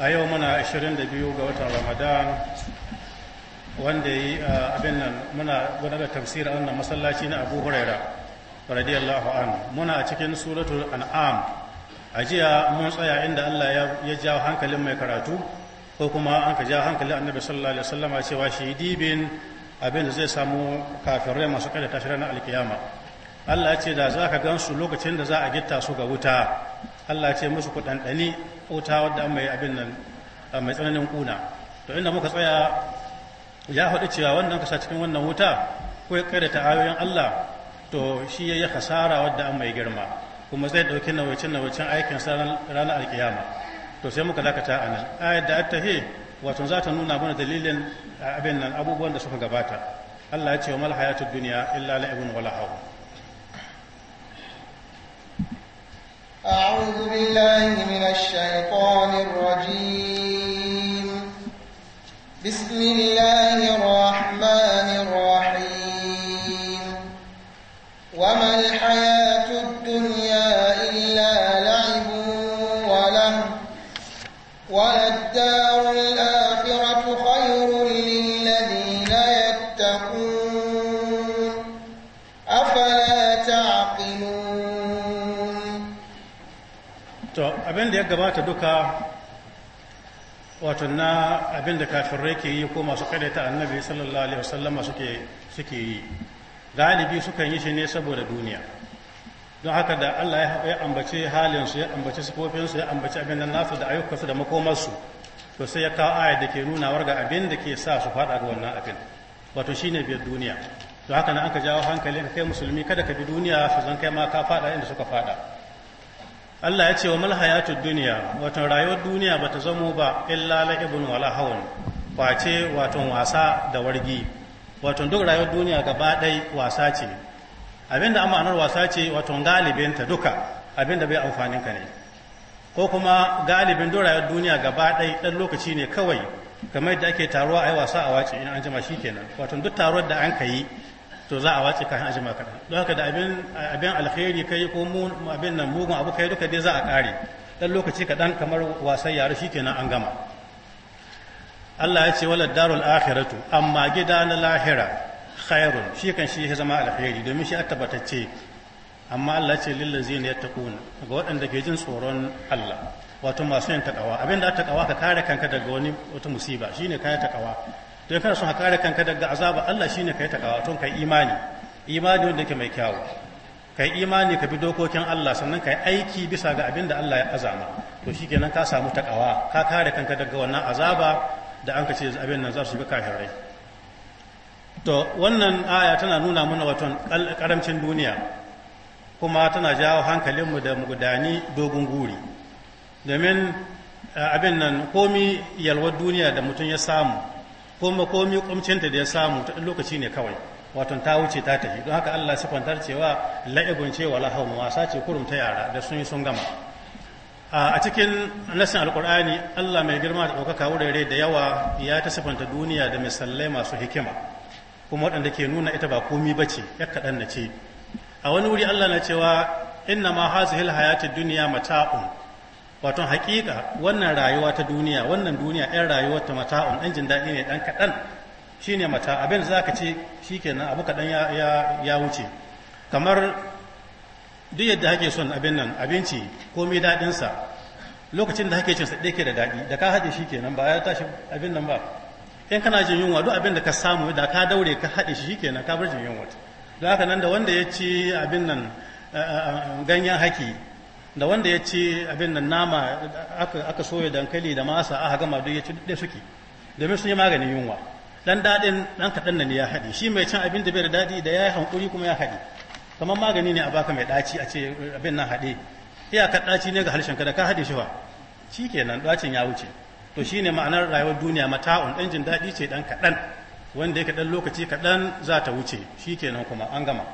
a yau muna 22 ga watan ramadan wanda yi abin nan muna gudanar da tafsirin wannan masallaci na abu huraira radiyallahu an muna a cikin suratul an'am a jiya mun tsaya inda allah ya ja hankalin mai karatu ko kuma an ka ja hankalin annabi sallallahu alaihi wasallama cewa shi dibin abin da zai samu kafirai masu kada tashi ranar alkiyama Allah ce da za ka gansu lokacin da za a gitta su ga wuta Allah ce musu ku ɗanɗani wuta wadda an mai abin nan mai tsananin kuna to inda muka tsaya ya faɗi cewa wannan kasa cikin wannan wuta ko ya ta ta'ayoyin Allah to shi ya yi hasara wadda an mai girma kuma zai ɗauki nawacin nawacin aikin sa ranar alkiyama to sai muka dakata a nan ayar da attahe wato za ta nuna mana dalilin abin nan abubuwan da suka gabata Allah ya ce wa mal duniya illa la'ibun wala hawa. أعوذ بالله من الشيطان الرجيم بسم الله الرحمن الرحيم وما الحياة الدنيا إلا لعب وله وللدار bayanan da ya gabata duka wato na abin da kafirai ke yi ko masu kadaita annabi sallallahu alaihi wasallama suke suke yi galibi sukan yi shi ne saboda duniya don haka da Allah ya ambace halinsu ya ambace sifofinsu ya ambace abin nan nasu da ayyukansu da makomarsu to sai ya kawo aya da ke nuna ga abin da ke sa su fada ga wannan abin wato shine biyar duniya to haka na aka jawo hankali ka kai musulmi kada ka bi duniya su zan kai ma ka fada inda suka faɗa Allah ya ce wa mal duniya wato rayuwar duniya bata zamo ba illa ibn wala hawan kwace wato wasa da wargi wato duk rayuwar duniya gaba ɗai wasa ce abinda an ma'anar wasa ce wato galibinta duka abinda bai amfanin ka ne ko kuma galibin duk rayuwar duniya gaba ɗai ɗan lokaci ne kawai kamar yadda ake taruwa a yi wasa a wace in an jima kenan wato duk taruwar da an ka yi to za a wace kafin a kaɗan don haka da abin alkhairi kai ko abin nan mugun abu kai duka dai za a ƙare dan lokaci kaɗan kamar wasan yara shi kenan an gama Allah ya ce wala darul akhiratu amma gida na lahira khairun shi kan shi ya zama alkhairi domin shi a tabbatacce amma Allah ya ce lillazina yattaquna ga waɗanda ke jin tsoron Allah wato masu yin takawa abinda takawa ka kare kanka daga wani wata musiba shine kayan takawa don kana son ka kare kanka daga azaba Allah shine kai takawa tun kai imani imani wanda yake mai kyawu kai imani ka bi dokokin Allah sannan kai aiki bisa ga abin da Allah ya azama to shikenan ka samu takawa ka kare kanka daga wannan azaba da an kace abin nan za su shiga kafirai to wannan aya tana nuna mana waton karamcin duniya kuma tana jawo hankalinmu da mugudani dogon guri domin eh, abin nan komi yalwar duniya da mutum ya samu ko makomi kumcinta da ya samu ta lokaci ne kawai waton ta wuce ta tafi don haka Allah sifantar cewa la'ibun cewa wala wasa ce kurum ta yara da sun yi sun gama a cikin nasin alkur'ani Allah mai girma da ɗaukaka wurare da yawa ya ta sifanta duniya da misallai masu hikima kuma waɗanda ke nuna ita ba komi ba ce ya kaɗan na ce a wani wuri Allah na cewa inna ma hazihil hayatid duniya mata'un wato hakika wannan rayuwa ta duniya wannan duniya ɗan rayuwar ta mata'un ɗan jin daɗi ne ɗan kaɗan shi ne mata abin za ka ce shi kenan abu kaɗan ya wuce kamar duk yadda hake son abin nan abinci ko mai daɗinsa lokacin da hake cinsa ɗaya ke da daɗi da ka haɗe shi kenan ba ya tashi abin nan ba in kana jin yunwa duk abin da ka samu da ka daure ka haɗe shi kenan ka bar jin yunwa don haka nan da wanda ya ci abin nan eh, eh, eh, ganyen haki da wanda ya ci abin nan nama aka soya dankali da masa aka gama duk ya ci da suke domin sun yi maganin yunwa dan daɗin dan kaɗan nan ya haɗi shi mai cin abin da bai da daɗi da ya yi hankuri kuma ya haɗi kamar magani ne a baka mai ɗaci a ce abin nan haɗe ka ɗaci ne ga harshen ka da ka haɗe shi wa shi kenan ɗacin ya wuce to shine ma'anar rayuwar duniya mata'un ɗan jin daɗi ce dan kaɗan wanda yake ɗan lokaci kaɗan za ta wuce shi kenan kuma an gama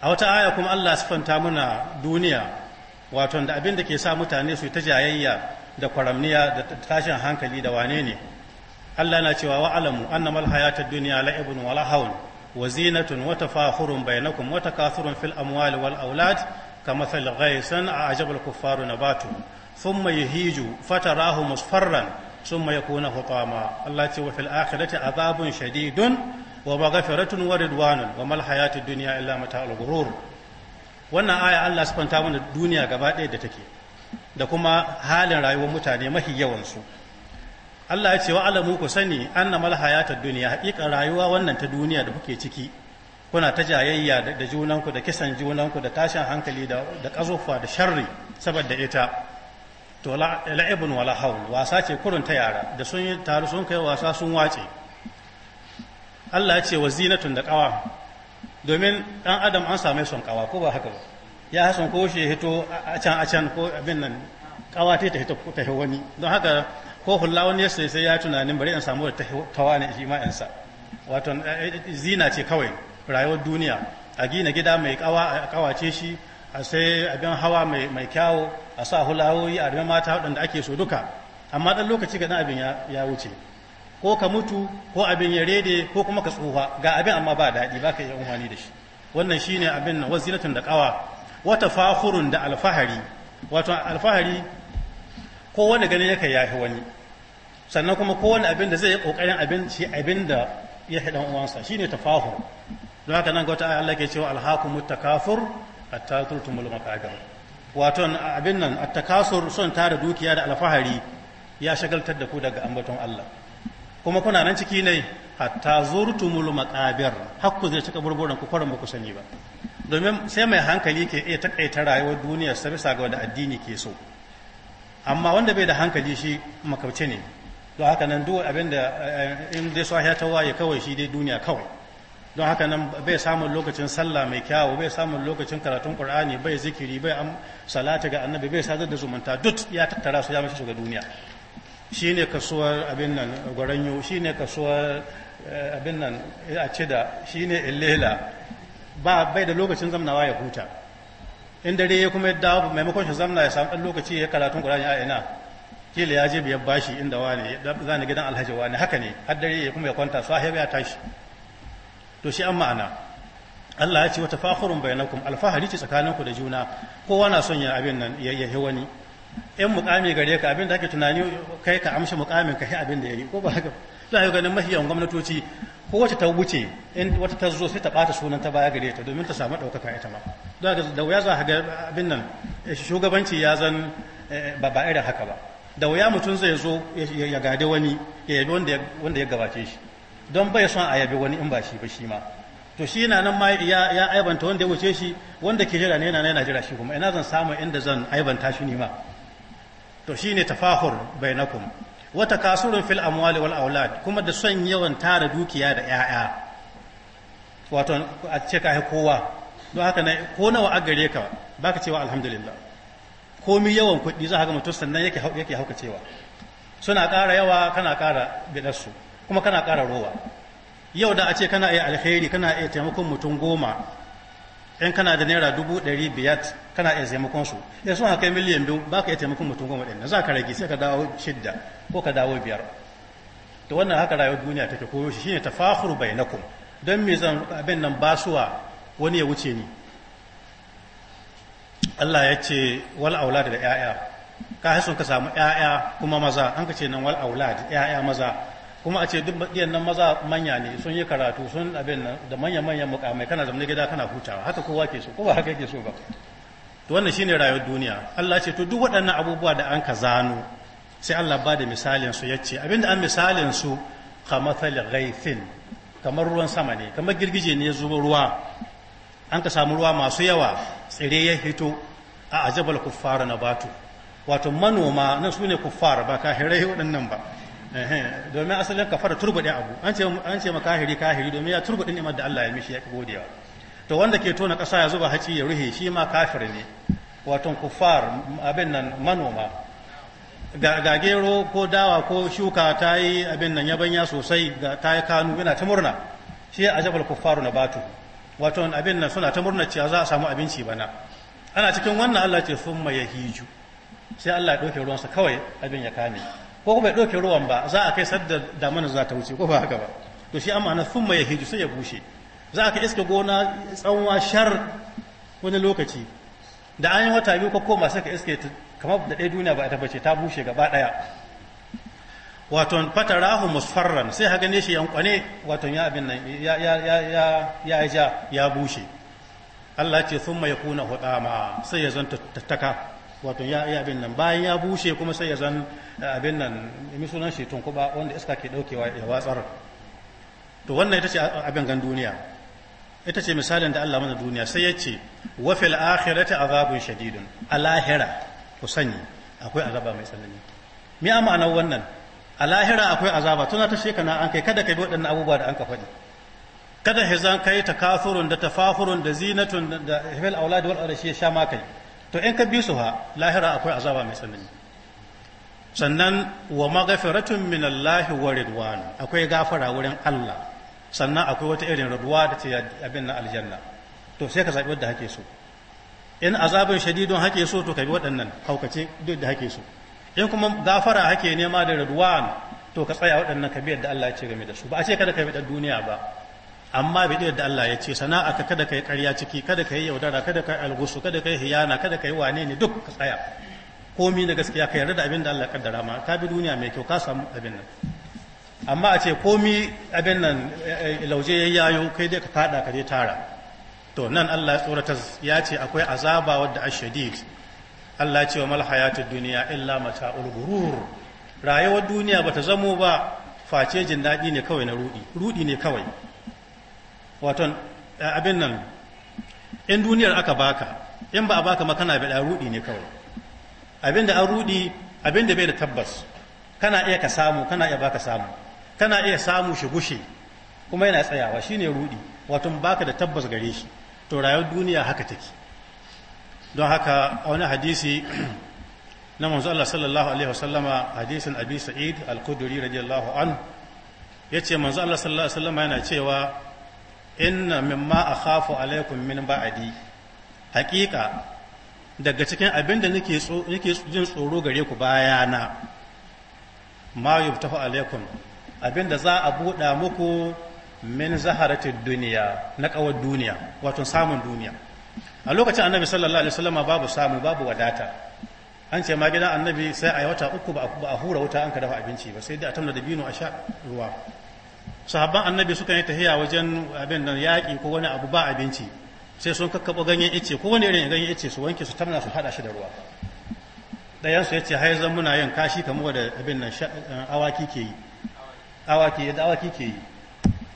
a wata aya kuma Allah sifanta muna duniya wato da abin da ke sa mutane su ta jayayya da kwaramniya da tashin hankali da wane ne Allah na cewa wa alamu annamal hayatud dunya la'ibun wa lahawun wa zinatun wa tafakhurun bainakum wa takathurun fil amwali wal aulad kamathal ghaysin a'jabal kuffaru nabatu thumma yuhiju fatarahu musfarran ثم يكون حطاما الله تعالى وفي الآخرة عذاب شديد wa وردوان wa الحياة duniya illa mata الغرور wannan aya Allah su fanta mana duniya gaba ɗaya da take da kuma halin rayuwar mutane mafi yawansu Allah ya ce wa alamu ku sani anna mal hayatad duniya haƙiƙa rayuwa wannan ta duniya da kuke ciki kuna ta jayayya da junanku da kisan junanku da tashin hankali da da da sharri saboda ita to la'ibun wala haul wasa ce kurun ta yara da sun yi taru sun kai wasa sun wace Allah ya ce wa zinatun da ƙawa domin ɗan adam an same son kawa ko ba haka ba ya hasan ko shi hito a can a can ko abin nan kawa ta ta hito ta wani don haka ko hulla wani ya sai ya tunanin bari in samu da tawa ne shi ma yansa wato eh, eh, zina ce kawai rayuwar duniya a gina gida mai kawa a kawace shi a sai abin hawa mai kyawo a sa hulawoyi a rima mata waɗanda ake so duka amma ɗan lokaci ga abin ya wuce ko ka mutu ko abin ya rede ko kuma ka tsufa ga abin amma ba daɗi ba ka yi umarni da shi wannan shi ne abin nan wazilatun da ƙawa, wata fahurun da alfahari wato alfahari ko wani ganin yake yafi wani sannan kuma ko wani abin da zai yi ƙoƙarin abin shi abin da ya ɗan uwansa shi shine tafahur don haka nan ga wata Allah ke cewa kafur a hatta tultumul makabir wato abin nan a takasur son tara dukiya da alfahari ya shagaltar da ku daga ambaton Allah kuma kuna nan ciki ne hatta zurtumul maqabir hakku zai cika burburan ku kwarin ba ku sani ba domin sai mai hankali ke iya takaita rayuwar duniya sa bisa ga wanda addini ke so amma wanda bai da hankali shi makauce ne don haka nan duk abin da eh, in dai sahiya ta waye kawai shi dai duniya kawai don haka nan bai samun lokacin sallah mai kyawu bai samun lokacin karatun qur'ani bai zikiri bai salati ga annabi bai sadar da zumunta duk ya tattara su ya mashi shiga duniya Shi ne kasuwar abin nan gwaranyo ne kasuwar eh, abin nan a ce da ne illela ba bai da lokacin zamnawa ya huta in dare ya kuma dawo maimakon shi zamna ya samu ɗan lokaci ya karatun gwaron a ina kila ya je biyar bashi inda wani za ni gidan alhaji wani haka ne har dare ya kuma ya kwanta su ahiyar ya tashi to shi an ma'ana Allah ya ce wata fahurun bainakum alfahari ce tsakaninku da juna kowa na son ya abin nan ya wani in mukami gare ka abin da ake tunani kai ka amshi mukamin ka abin da yayi ko ba haka za yi ganin yawan gwamnatoci ko wacce ta wuce in wata ta zo sai ta bata sunan ta baya gare ta domin ta samu ɗaukaka ita ma da da wuya za ga abin nan eh, shugabanci ya zan eh, ba ba irin haka ba da wuya mutum zai zo ya gade wani ya yabi wanda ya gabace shi don bai son a yabi wani in ba shi ba shi ma to shi na nan ma ya aibanta wanda ya wuce shi wanda ke jira ne yana jira shi kuma ina zan samu inda zan aibanta shi ne ma to shine tafahur bainakum wa takasurun fil amwali wal aulad kuma da son yawan tara dukiya da 'ya'ya. wato a ce ka kowa don haka na ko nawa a gare ka baka cewa alhamdulillah komi yawan kuɗi za ka ga mutum sannan yake yake hauka cewa suna ƙara yawa kana ƙara bidarsu kuma kana ƙara rowa yau da a ce kana iya alheri kana iya taimakon mutum goma in kana da naira dubu ɗari biyat kana iya taimakon su da suna haka miliyan biyu ba ka iya taimakon mutum goma ɗin za ka rage sai ka dawo shidda ko ka dawo biyar to wannan haka rayuwar duniya take koyo shi shine na bainakum don me zan abin nan basuwa wani ya wuce ni Allah ya ce wal aulad da 'ya'ya ka hasu ka samu 'ya'ya kuma maza an ka ce nan wal aulad 'ya'ya maza kuma a ce duk baɗiyan nan maza manya ne sun yi karatu sun abin nan da manya-manyan mukamai kana zama gida kana hutawa haka kowa ke so kowa haka ke so ba to wannan shine rayuwar duniya Allah ce to duk waɗannan abubuwa da an ka zano sai Allah ba da misalin su yace da an misalin su kamathal ghaithin kamar ruwan sama ne kamar girgije ne zuwa ruwa an ka samu ruwa masu yawa tsire ya hito a ajabal kuffara nabatu wato manoma nan su ne kuffar ba kahirai waɗannan ba domin asalin kafara turbuɗe abu an ce ma kahiri kahiri domin ya turbuɗe ni'imar da Allah ya mishi ya godewa to wanda ke tona ƙasa ya zuba haci ya ruhe shi ma kafir ne wato kuffar abin nan manoma ga gero ko dawa ko shuka ta yi abin nan yabanya sosai ta yi kanu yana ta murna shi a jabal kuffaru na batu wato abin nan suna ta murna cewa za a samu abinci bana ana cikin wannan Allah ce summa hiju. sai Allah ya ɗauke ruwansa kawai abin ya kame ko bai ɗauke ruwan ba za a kai sadda mana za ta wuce ko ba haka ba to shi amma na sun mai hiju sai ya bushe za a ka iska gona tsanwa shar wani lokaci da an yi wata biyu ko koma sai ka iske kamar da ɗaya duniya ba a ta bushe gaba ɗaya wato fatarahu musfarran sai ha gane shi yankwane wato ya abin nan ya ya ya ya ya bushe Allah ce sun mai kuna hudama sai ya zanta tattaka wato ya iya abin nan bayan ya bushe kuma sai ya zan abin nan mai sunan shi tunkuba wanda iska ke daukewa ya watsar to wannan ita ce abin gan duniya ita ce misalin da Allah mana duniya sai ya ce wa fil akhirati azabun shadidun a lahira ku sani akwai azaba mai tsanani me a ma'anar wannan a lahira akwai azaba tuna ta shekana an kai kada ka bi waɗannan abubuwa da an ka faɗi kada hizan kai ta kafurun da tafafurun da zinatun da hifil da wal arshi ya sha makai to in ka bi su ha lahira akwai azaba mai tsanani sannan wa magafiratun min Allah wa ridwan akwai gafara wurin Allah sannan akwai wata irin raduwa da ta abin na aljanna to sai ka zaɓi wadda hake so in azabin shadidun hake so to ka bi waɗannan haukace duk da hake so in kuma gafara hake nema da raduwan to ka tsaya waɗannan ka bi yadda Allah ya ce game da su ba a ce kada ka bi ta duniya ba amma bi da Allah ya ce sana'a ka kada kai karya ciki kada kai yaudara kada kai algusu kada kai hiyana kada kai wane ne duk ka tsaya komi na gaskiya ka yarda da abin da Allah kaddara ma ka bi duniya mai kyau ka samu abin nan amma a ce komi abin nan eh, eh, lauje ya yayo kai dai ka fada ka dai tara to nan Allah ya tsoratar ya ce akwai azaba wadda ashadid Allah ya ce wa mal hayatud dunya illa mata'ul ghurur rayuwar duniya bata zamo ba face jin daɗi ne kawai na rudi rudi ne kawai waton abin nan in duniyar aka baka in ba a baka makana bai rudi ne kawai abin da an rudi abin da bai da tabbas kana iya ka samu kana iya baka samu kana iya samu shi gushe kuma yana tsayawa shine rudi wato baka da tabbas gare shi to rayuwar duniya haka take don haka a wani hadisi na manzo Allah sallallahu alaihi wasallama hadisin Abi Sa'id al-Khudri radiyallahu anhu yace manzo Allah sallallahu alaihi wasallama yana cewa inna mimma khafu alaikun min ba'adi hakika daga cikin abinda da nake jin tsoro gare ku bayana ma yubtahu alaikun abin da za a buɗa muku min zaharatid duniya na kawar duniya wato samun duniya a lokacin annabi sallallahu alaihi wasallam babu samu babu wadata an ce ma gidan annabi sai a yi wata uku ba a hura wuta an ka dafa abinci ba sai dai a tamna da bino a sha ruwa sahabban annabi sukan yi tahiya wajen abin nan yaƙi ko wani abu ba abinci sai sun kakkaɓo ganyen ice ko wani irin ganyen ice su wanke su tamna su haɗa shi da ruwa ɗayansu ya ce haizan muna yin kashi kamar da abin nan eh, awaki ke yi awaki yadda awaki ke yi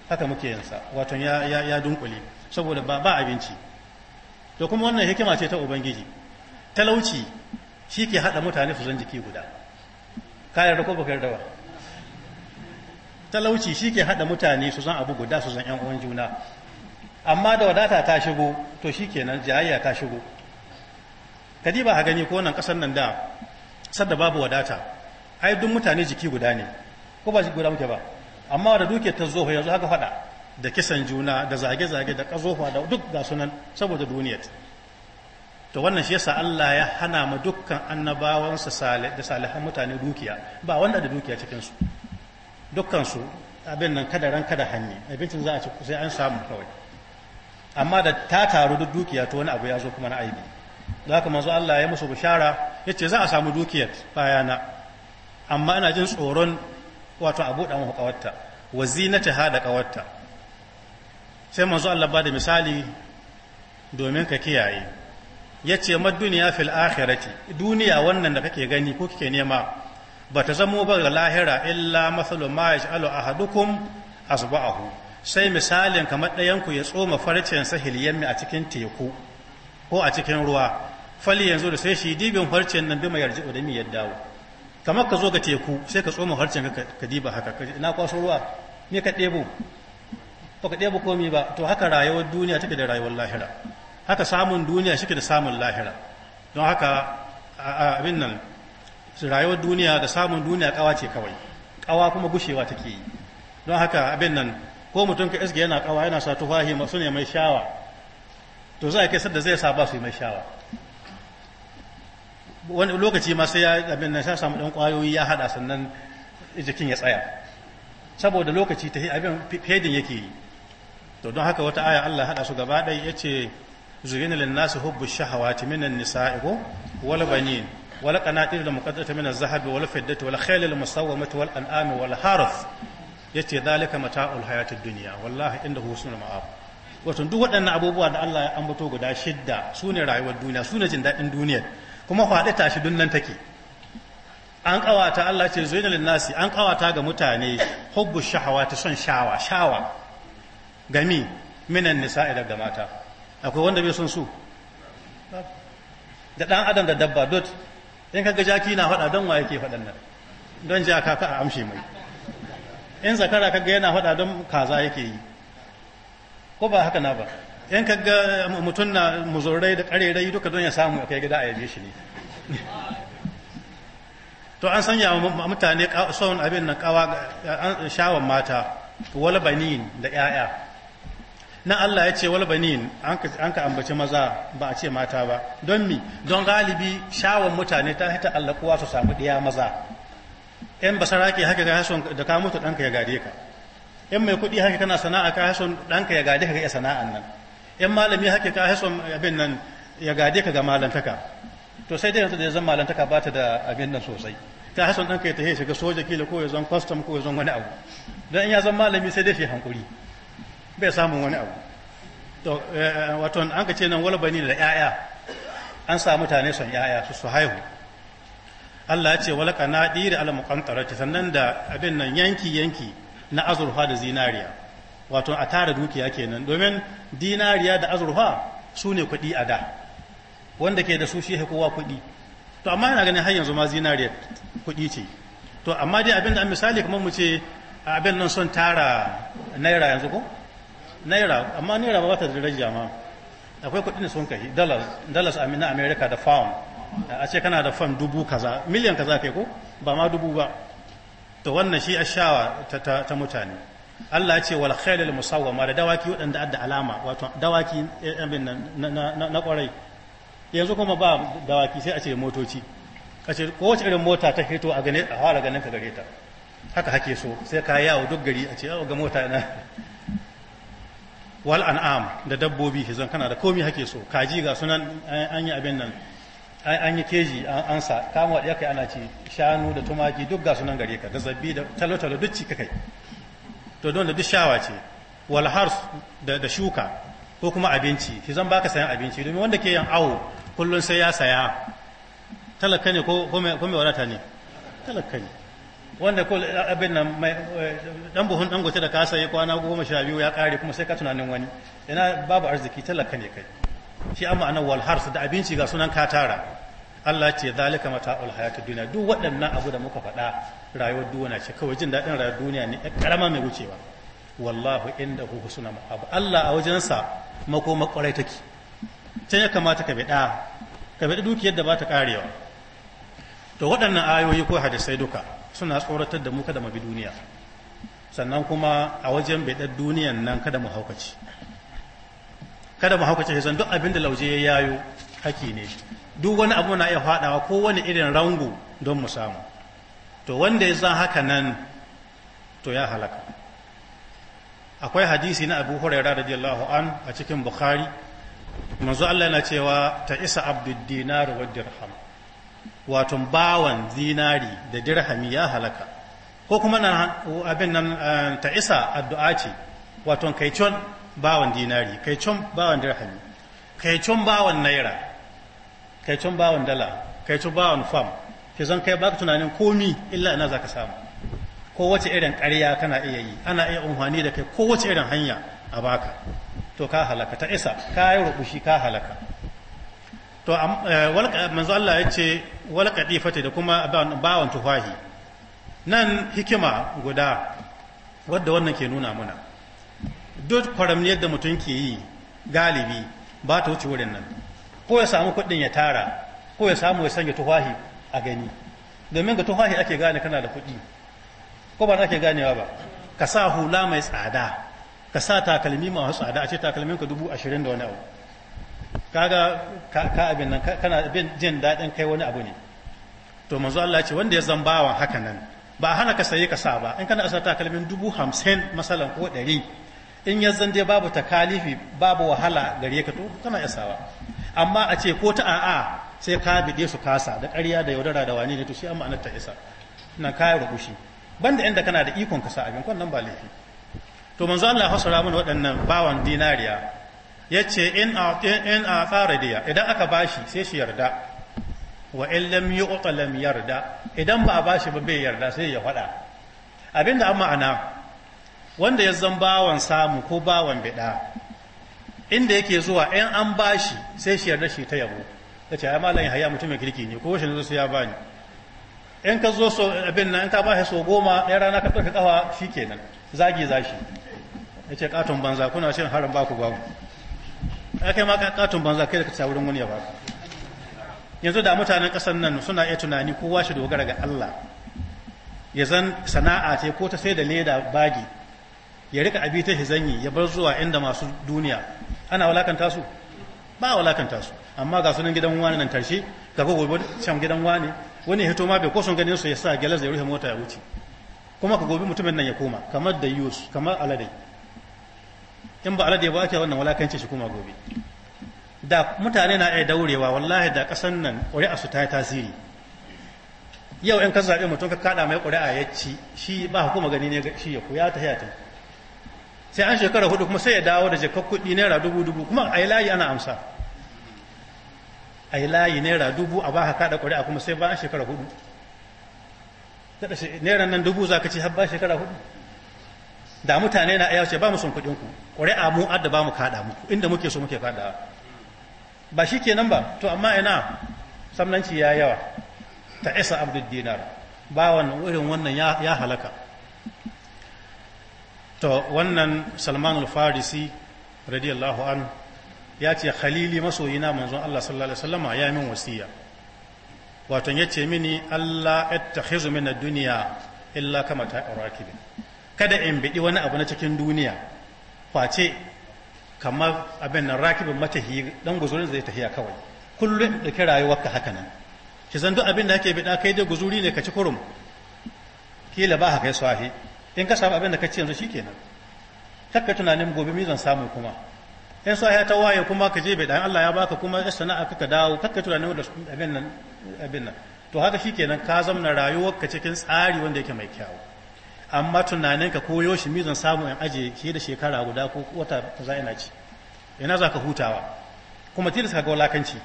haka muke yansa wato ya dunkule saboda ba abinci To kuma wannan hikima ce ta ubangiji talauci shi ke haɗa mutane su zan jiki guda ka yarda ko baka yarda ba talauci shi ke haɗa mutane su zan abu guda su zan ‘yan uwan juna amma da wadata ta shigo to shi kenan jayayya ta shigo kadi ba a gani ko nan ƙasar nan da sadda babu wadata ai duk mutane jiki guda ne ko ba guda muke ba amma da duke ta zo yanzu haka faɗa da kisan juna da zage-zage da ƙazofa da duk ga sunan saboda duniyar to wannan shi yasa Allah ya hana ma dukkan annabawansa da salihan mutane dukiya ba wanda da dukiya cikinsu dukkansu abin nan kada ran kada hannu abincin za a ci sai an samu kawai amma da ta taru duk dukiya to wani abu ya zo kuma na aibi da haka manzo Allah ya musu bishara yace za a samu dukiyar bayana amma ana jin tsoron wato a da muku kawarta wa ha da kawarta sai manzo Allah ba da misali domin ka kiyaye yace mad fil akhirati duniya wannan da kake gani ko kike nema ba ta zamo ba ga lahira illa masalu ma ya yaj'alu a ku. sai misalin kamar ɗayanku ya tsoma farcen sahil mai a cikin teku ko a cikin ruwa fali yanzu da sai shi dibin farcen nan bi mai yarji da mi ya dawo kamar ka zo ga teku sai ka tsoma farcen ka diba haka na kwaso ruwa me ka ɗebo ba ka ɗebo komi ba to haka rayuwar duniya take da rayuwar lahira haka samun duniya shi da samun lahira don haka abin nan su rayuwar duniya da samun duniya kawa ce kawai kawa kuma gushewa take yi don haka abin nan ko mutum ka iske yana kawa yana sa tufahi masu ne mai shawa to za a kai sadda zai sa ba su yi mai shawa wani lokaci ma sai ya abin nan sa samu ɗan ƙwayoyi ya hada sannan jikin ya tsaya saboda lokaci ta abin fedin yake yi to don haka wata aya Allah hada su gaba ɗaya ya ce zuyina lin nasu hubbu shahawati minan nisa'i wal banin wala qanatir da muqaddata min az-zahab wal fiddati wal khayl al musawwamati wal an'am wal harath yace zalika mata'ul hayatid duniya wallahi inda husnul wato duk waɗannan abubuwa da Allah ya ambato guda shidda sune rayuwar duniya ne jin daɗin duniyar kuma faɗi tashi dun nan take an ƙawata Allah ce zuwa nasi an kawata ga mutane hubbu ta son shawa shawa gami minan nisa'i daga mata akwai wanda bai son su da ɗan adam da dabba dot in kaga jaki na faɗa don wa yake faɗan nan don jaka ka a amshe mai in zakara kaga yana faɗa don kaza yake yi ko ba haka na ba in kaga mutum na muzurai da ƙarerai duka don ya samu kai gida a yaje shi ne to an sanya mutane son abin nan kawa shawan mata wala da 'ya'ya Na Allah ya ce wal banin an ka ambaci maza ba a ce mata ba don mi don galibi shawon mutane ta hita Allah kowa su samu ɗiya maza in basara ke haka ga hason da ka mutu ɗanka ya gade ka yan mai kuɗi haka kana sana'a ka hason ɗanka ya gade ka ga sana'an nan yan malami haka ka hason abin nan ya gade ka ga malantaka to sai dai yanzu da ya zama malantaka ba ta da abin nan sosai ta hason ɗanka ya tahe shiga soja kila ko ya zan kwastam ko ya zan wani abu don in ya zan malami sai dai shi hankuri bai samun wani abu to eh, wato an ka ce nan walbani da yaya an sa mutane son yaya su su haihu Allah ya ce wal qanadir al ce sannan da abin nan yanki yanki na azurfa da zinariya wato a tara dukiya kenan domin dinariya da azurfa su ne kuɗi a da wanda ke da su shi kowa kuɗi to amma yana ganin har yanzu ma zinariya kuɗi ce to amma dai abin da misali kamar mu ce abin nan son tara naira yanzu ko naira amma naira ba ta da daraja ma akwai kuɗin sun kai dollars dollars na america da farm a ce kana da fam dubu kaza miliyan kaza kai ko ba ma dubu ba to wannan shi ashawa ta mutane Allah ya ce wal khailal musawwama da dawaki wadanda adda alama wato dawaki eh, na kwarai yanzu kuma ba dawaki sai a ce motoci a ce kowace irin mota ta hito a gane a fara ganin ka gare ta haka hake so sai ka yawo duk gari a ce ga mota na wal an'am da dabbobi zan kana da komi hake so kaji ga sunan an yi abin nan an yi keji an sa kama aka kai ana ci shanu da tumaki duk ga sunan gare ka da zabbi da talotalo duk ci kai to don da duk shawa ce wal hars da shuka ko kuma abinci shi zan baka sayan abinci domin wanda ke yan awo kullun sai ya saya talaka ne ko mai wadata ne talaka ne wanda ko abin nan mai eh, dan buhun dan gote da ka sayi kwana goma sha biyu ya kare kuma sai ka tunanin wani ina babu arziki talaka ne kai shi amma anan wal hars da abinci ga sunan ka tara Allah ce zalika mata'ul hayatud dunya duk waɗannan abu da muka faɗa rayuwar duniya ce kawai jin daɗin rayuwar duniya ne karama mai wucewa wallahu indahu husnul abu. Allah a wajensa makoma kwarai take can ya kamata ka bida ka bida dukiyar da ba ta karewa to waɗannan ayoyi ko hadisai duka suna tsoratar da mu kada mu bi duniya sannan kuma a wajen baidar duniyan nan kada mu haukace kada mu haukace sai duk abin da lauje ya yayo haki ne duk wani abu na iya faɗawa ko wani irin rango don mu samu to wanda ya san haka nan to ya halaka akwai hadisi na abu huraira radiyallahu an a cikin bukhari manzo Allah yana cewa ta isa abdud dinar wa dirham wato bawan zinari da dirhami ya halaka ko kuma na abin nan eh, ta isa addu'a ce wato kaicon bawan dinari kaicon bawan dirhami kaicon bawan naira kaicon bawan dala kaicon bawan fam ke zan kai baka tunanin komi illa ina zaka samu ko wace irin ƙarya kana iya yi ana iya amfani da kai ko wace irin hanya a baka to ka halaka ta isa ka yi rubushi ka halaka to eh, manzo Allah ya wal qatifati da kuma bawan tufahi nan hikima guda wadda wannan ke nuna muna duk kwaramniyar yadda mutum ke yi galibi ba ta wuce wurin nan ko ya samu kuɗin ya tara ko ya samu ya sanya tufahi a gani domin ga tufahi ake gane kana da kuɗi ko ba ake ganewa ba ka sa hula mai tsada ka sa takalmi masu tsada a ce takalmin ka dubu ashirin da wani abu kaga ka abin nan kana jin daɗin kai wani abu ne to manzo Allah ce wanda ya zan bawan haka nan ba hana ka sayi ka sa ba in kana asa takalmin dubu hamsin masalan ko ɗari in ya zan babu takalifi babu wahala gare ka to kana sawa amma a ce ko ta a'a sai ka bide su kasa da ƙarya da yaudara da wani ne to shi an ma'anar ta isa na kayi rubushi banda inda kana da ikon ka sa abin kwan nan ba laifi to manzo Allah ya hasara mana waɗannan bawan dinariya ya ce in a tsara diya idan aka bashi sai shi yarda wa in lam yu'ta lam yarda idan ba a bashi ba bai yarda sai ya faɗa abinda an ma'ana wanda ya zan bawan samu ko bawan bida inda yake zuwa in an bashi sai shi yarda shi ta yabo ta ce ai malamin haya mutum mai kirki ne ko shi ne ya bani in ka zo so abin nan in ka bashi so goma ɗaya rana ka ɗauka kafa kenan zagi zashi ya ce katon banza kuna cin haram baku ku. a kai ma katun banza kai da ka wurin wani ya yanzu da mutanen ƙasar nan suna iya tunani kowa shi dogara ga Allah ya zan sana'a ce ko ta sai da leda bagi ya rika abi ta hizanyi ya bar zuwa inda masu duniya ana walakanta su ba walakanta su amma ga sunan gidan wani nan tarshe ga gobe can gidan wani wani hito ma bai ganin su ya sa gyalar zai rufe mota ya wuce kuma ka gobe mutumin nan ya koma kamar da yus kamar aladai in ba alade ba ake wannan walakanci shi kuma gobe da mutane na iya daurewa wallahi da kasan nan ƙuri'a su ta yi tasiri yau in ka zaɓe mutum ka kaɗa mai ƙuri'a ya ci shi ba kuma gani ne shi ya kuya ta ta sai an shekara hudu kuma sai ya dawo da jakar kuɗi naira dubu dubu kuma a yi layi ana amsa a yi layi naira dubu a ba ka kaɗa ƙuri'a kuma sai ba an shekara hudu naira nan dubu za ka ci har ba shekara hudu da mutane na ce ba mu son kuɗin ku ƙuri'a mu adda ba mu kaɗa muku inda muke so muke faɗa ba shi kenan ba to amma ina samnanci ya yawa ta isa abdul dinar ba wannan irin wannan ya halaka to wannan salman al-farisi radiyallahu an ya ce khalili masoyina manzon Allah sallallahu alaihi wasallama ya min wasiya wato ya ce mini Allah attakhizu min ad-dunya illa kama ta'rakibin kada in biɗi wani abu na cikin duniya face kamar abin nan rakibin matahi dan guzuri zai tafiya kawai kullum da rayuwar rayuwarka haka nan ki zan duk abin da ake biɗa kai da guzuri ne ka ci kurum kila ba haka ya swahi in ka samu abin da ka ci yanzu shikenan takka tunanin gobe mi zan samu kuma in ya ta waye kuma ka je biɗa Allah ya baka kuma ya sana'a ka dawo takka tunanin da abin nan abin nan to haka shikenan ka zamna rayuwarka cikin tsari wanda yake mai kyau. amma tunanin ka koyo shi mizan samu in aje ke da shekara guda ko wata za ina ci ina za ka hutawa kuma tilis ka ga walakanci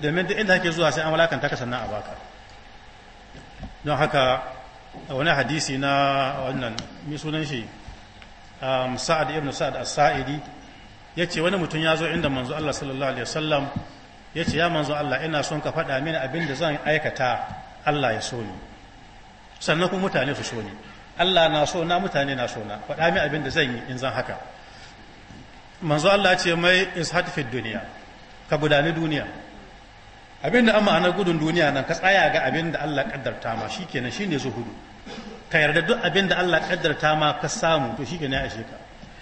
domin duk inda kake zuwa sai an walakanta ka sannan a baka don haka wani hadisi na wannan mi sunan shi um, sa'ad ibn sa'ad as-sa'idi yace wani mutum ya zo inda manzo Allah sallallahu alaihi wasallam yace ya manzo Allah ina son ka faɗa mini abin da zan aikata Allah ya so ni sannan kuma mutane su so ni Allah na so na mutane na so na faɗa min abin da zan yi in zan haka manzo Allah ce mai ishat fi duniya ka gudani duniya abin da an ma'anar gudun duniya nan ka tsaya ga abin da Allah kaddarta ma shikenan shine zuhudu ka yarda duk abin da Allah kaddarta ma ka samu to shikenan ya ashe ka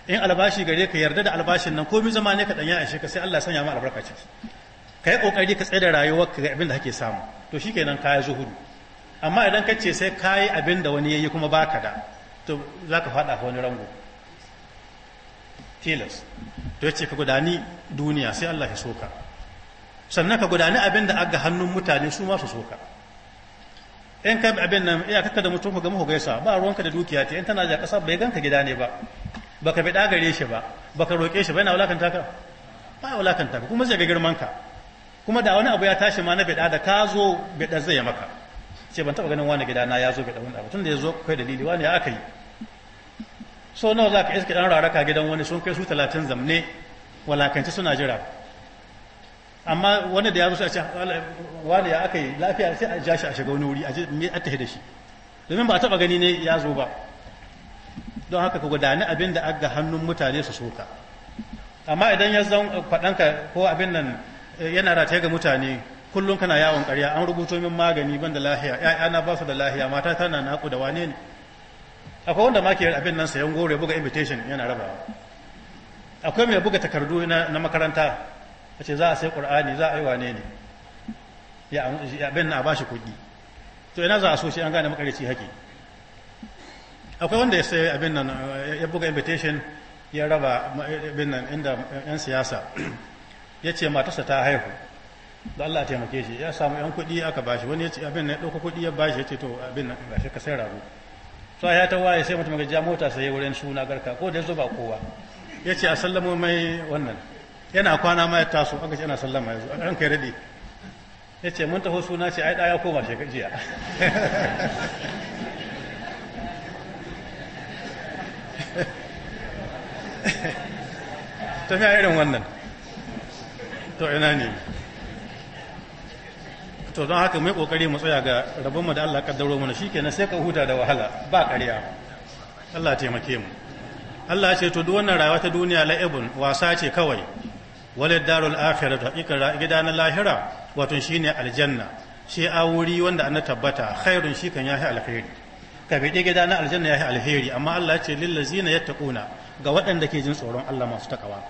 in albashi gare ka yarda da albashin nan komai zama ne ka dan ya ashe ka sai Allah sanya ma albarka ciki kai kokari ka tsaya da rayuwarka ga abin da kake samu to shikenan ka ya zuhudu amma idan ka ce sai ka yi abin da wani ya yi kuma baka da to za ka faɗa wani rango tilas to ya ce ka gudani duniya sai Allah ya soka sannan ka gudani abin da aga hannun mutane su ma su soka in ka abin nan iya kakka da mutum ga muku gaisa ba ruwanka da dukiya ta in tana da ƙasa bai ganka gida ne ba baka bi gare shi ba baka roƙe shi ba yana wulakanta ka ba wulakanta ka kuma zai ga girman ka kuma da wani abu ya tashi ma na bida da ka zo bida zai maka ce ban taɓa ganin wani na ya zo ga ɗan wani tun da ya zo kai dalili wani ya aka yi so nawa za ka iska ɗan raraka gidan wani sun kai su talatin zamne walakanci suna jira amma wani da ya zo a wani ya aka yi lafiya sai a ja shi a shiga wani wuri a ji me a tafi da shi domin ba a taɓa gani ne ya zo ba don haka ka gudani abin da aga hannun mutane su soka amma idan ya zan faɗanka ko abin nan eh, yana rataye ga mutane kullum kana yawon ƙarya an rubuto min magani ban da lahiya ƴaƴana ba su da lahiya mata tana naku da wane ne akwai wanda ma ke abin nan sayan goro ya buga invitation yana rabawa akwai mai buga takardu na makaranta a ce za a sai ƙur'ani za a yi wane ne ya abin na a bashi kuɗi to ina za a so shi an gane makarici haƙi akwai wanda ya sai abin nan ya buga invitation ya raba abin nan inda 'yan siyasa ya ce matarsa ta haihu da Allah taimake shi ya samu yan kuɗi aka bashi wani ya ce abin na ɗauka kuɗi ya bashi ya ce to abin na bashi ka sai rago to ya ta waye sai mutum ga mota sai wurin suna garka ko da yazo ba kowa ya ce a sallamo mai wannan yana kwana ma ya taso aka ce ana sallama yanzu an kai rade ya ce mun taho suna ce ai ɗaya koma shekaru jiya tafiya irin wannan to ina ne to don haka mai kokari mu tsaya ga rabon mu da Allah kaddaro mana shikenan sai ka huta da wahala ba ƙarya Allah taimake mu Allah ce to duk wannan rayuwa ta duniya la'ibun wasa ce kawai walid darul akhiratu haqiqa gida na lahira wato shine aljanna shi a wuri wanda an tabbata khairun shi kan yahi alkhairi ka bi gida na aljanna yahi alheri amma Allah ce lil ta yattaquna ga waɗanda ke jin tsoron Allah masu takawa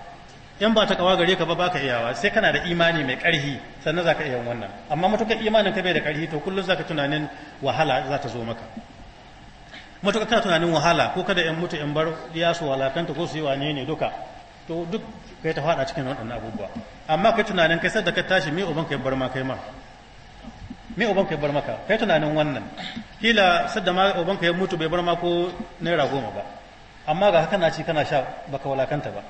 in ba ta kawa gare ka ba baka iyawa sai kana da imani mai karhi sannan zaka iya wannan amma matuƙar imanin ka bai da karhi to kullum zaka tunanin wahala za ta zo maka matuƙar kana tunanin wahala ko kada in mutu in bar ya su walakanta ko su yi wane ne duka to duk kai ta faɗa cikin waɗannan abubuwa amma kai tunanin kai sadda ka tashi me uban kai bar ma kai ma me uban kai bar maka kai tunanin wannan kila sadda ma uban ya mutu bai bar ma ko naira goma ba amma ga haka na ci kana sha baka walakanta ba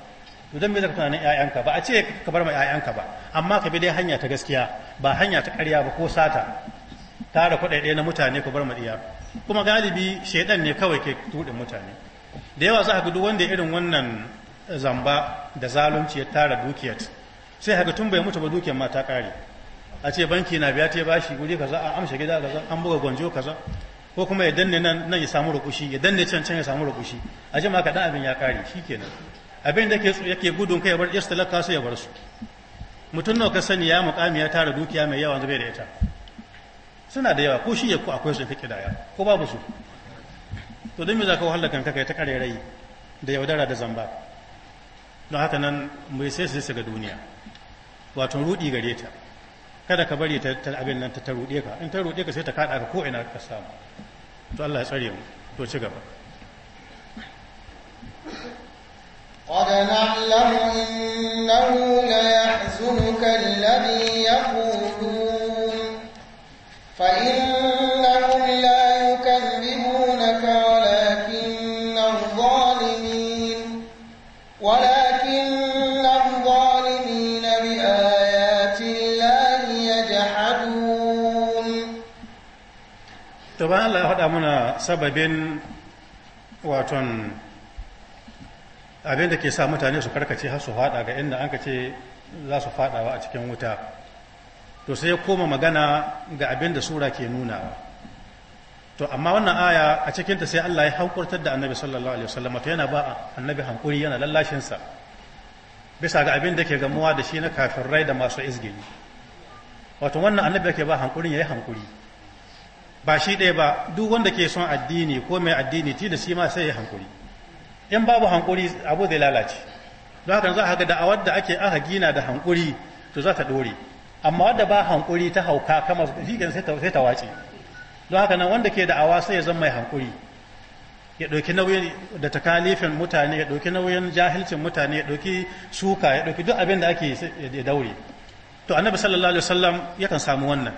to dan me zaka tunanin ƴaƴanka ba a ce ka bar ma ƴaƴanka ba amma ka bi dai hanya ta gaskiya ba hanya ta karya ba ko sata tara ɗaya na mutane ku bar ma diya kuma galibi shaidan ne kawai ke tuɗin mutane da yawa za ka duk wanda irin wannan zamba da zalunci ya tara dukiyar sai haka tun bai mutu ba dukiyar ma ta ƙare a ce banki na biya ta bashi guri kaza an amsa gida kaza an buga gwanjo kaza ko kuma ya danne nan ya samu rukushi ya danne can can ya samu rukushi a ce ma ka dan abin ya shi kenan. abin da yake gudun kai ya bar irsa laka su ya bar su mutum nawa ka sani ya mukami ya tara dukiya mai yawa zube da ita suna da yawa ko shi ya ku akwai su fi kidaya ko babu su to don me za ka wahala kanka kai ta rai da yaudara da zamba don haka nan mai sai su ga duniya wato rudi gare ta kada ka bari ta abin nan ta rude ka in ta rude ka sai ta kada ka ko ina ka samu to Allah ya tsare mu to ci gaba قد نعلم إنه ليحزنك الذي يقولون فإنهم لا يكذبونك ولكن الظالمين ولكن الظالمين بآيات الله يجحدون طبعا الله يهدى منا سبب واتن abin da ke sa mutane su karkace har su fada ga inda an ka ce za su fadawa a cikin wuta to sai ya koma magana ga abin da sura ke nunawa to amma wannan aya a cikinta sai Allah ya hankurtar da annabi sallallahu alaihi wasallam to yana ba annabi hankuri yana lallashin sa bisa ga abin da ke gamuwa da shi na kafirai da masu izgini wato wannan annabi yake ba hankurin yayi hankuri ba shi ɗaya ba duk wanda ke son addini ko mai addini da shi ma sai ya hankuri in babu hankuri abu zai lalace don haka za a ga da'awar da ake aka gina da hankuri to za ta dore amma wadda ba hankuri ta hauka kama zigan sai ta wace don haka nan wanda ke da'awa sai ya zama mai hankuri ya ɗauki nauyin da takalifin mutane ya ɗauki nauyin jahilcin mutane ya ɗauki suka ya ɗauki duk abin da ake ya daure to annabi sallallahu alaihi wasallam yakan samu wannan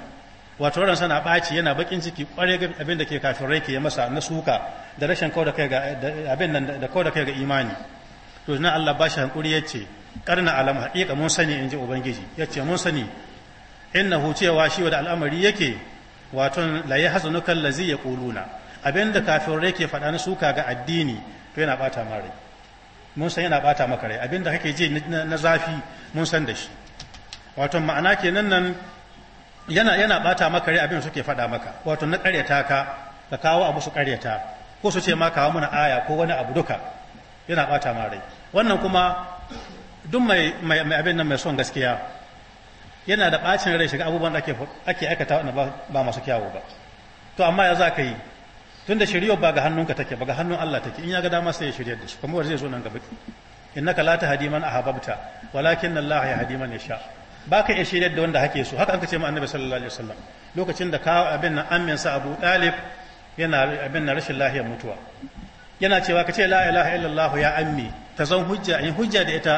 wato ran sana baci yana bakin ciki kware ga abin da ke kafirai ke masa na suka da rashin kawo da kai ga abin nan da kawo da kai ga imani to na Allah ba shi hankuri yace karna alam haqiqa mun sani in ji ubangiji yace mun sani innahu cewa shi wa da al'amari yake wato la kal ladzi yaquluna abin da kafirai ke faɗa na suka ga addini to yana bata mare mun san yana bata maka rai abin da kake ji na zafi mun san da shi wato ma'ana kenan nan yana yana bata maka rai abin suke faɗa maka wato na ƙaryata ka ka kawo abu su ƙaryata ko su ce ma kawo mana aya ko wani abu duka yana bata ma rai wannan kuma duk mai abin nan mai son gaskiya yana da bacin rai shiga abubuwan da ake aikata wannan ba masu kyawu ba to amma ya za ka yi tun da shiriyar ba ga hannunka take ba ga hannun Allah take in ya ga dama sai ya shirya da shi kuma zai zo nan gaba innaka la tahdi man ahbabta walakin Allah ya hadi man yasha ba ka iya shaidar da wanda hake so haka an ka ce ma annabi sallallahu alaihi wasallam lokacin da kawo abin nan amin sa abu dalib yana abin nan rashin lahiyar mutuwa yana cewa ka ce la ilaha illallah ya ammi ta zan hujja in hujja da ita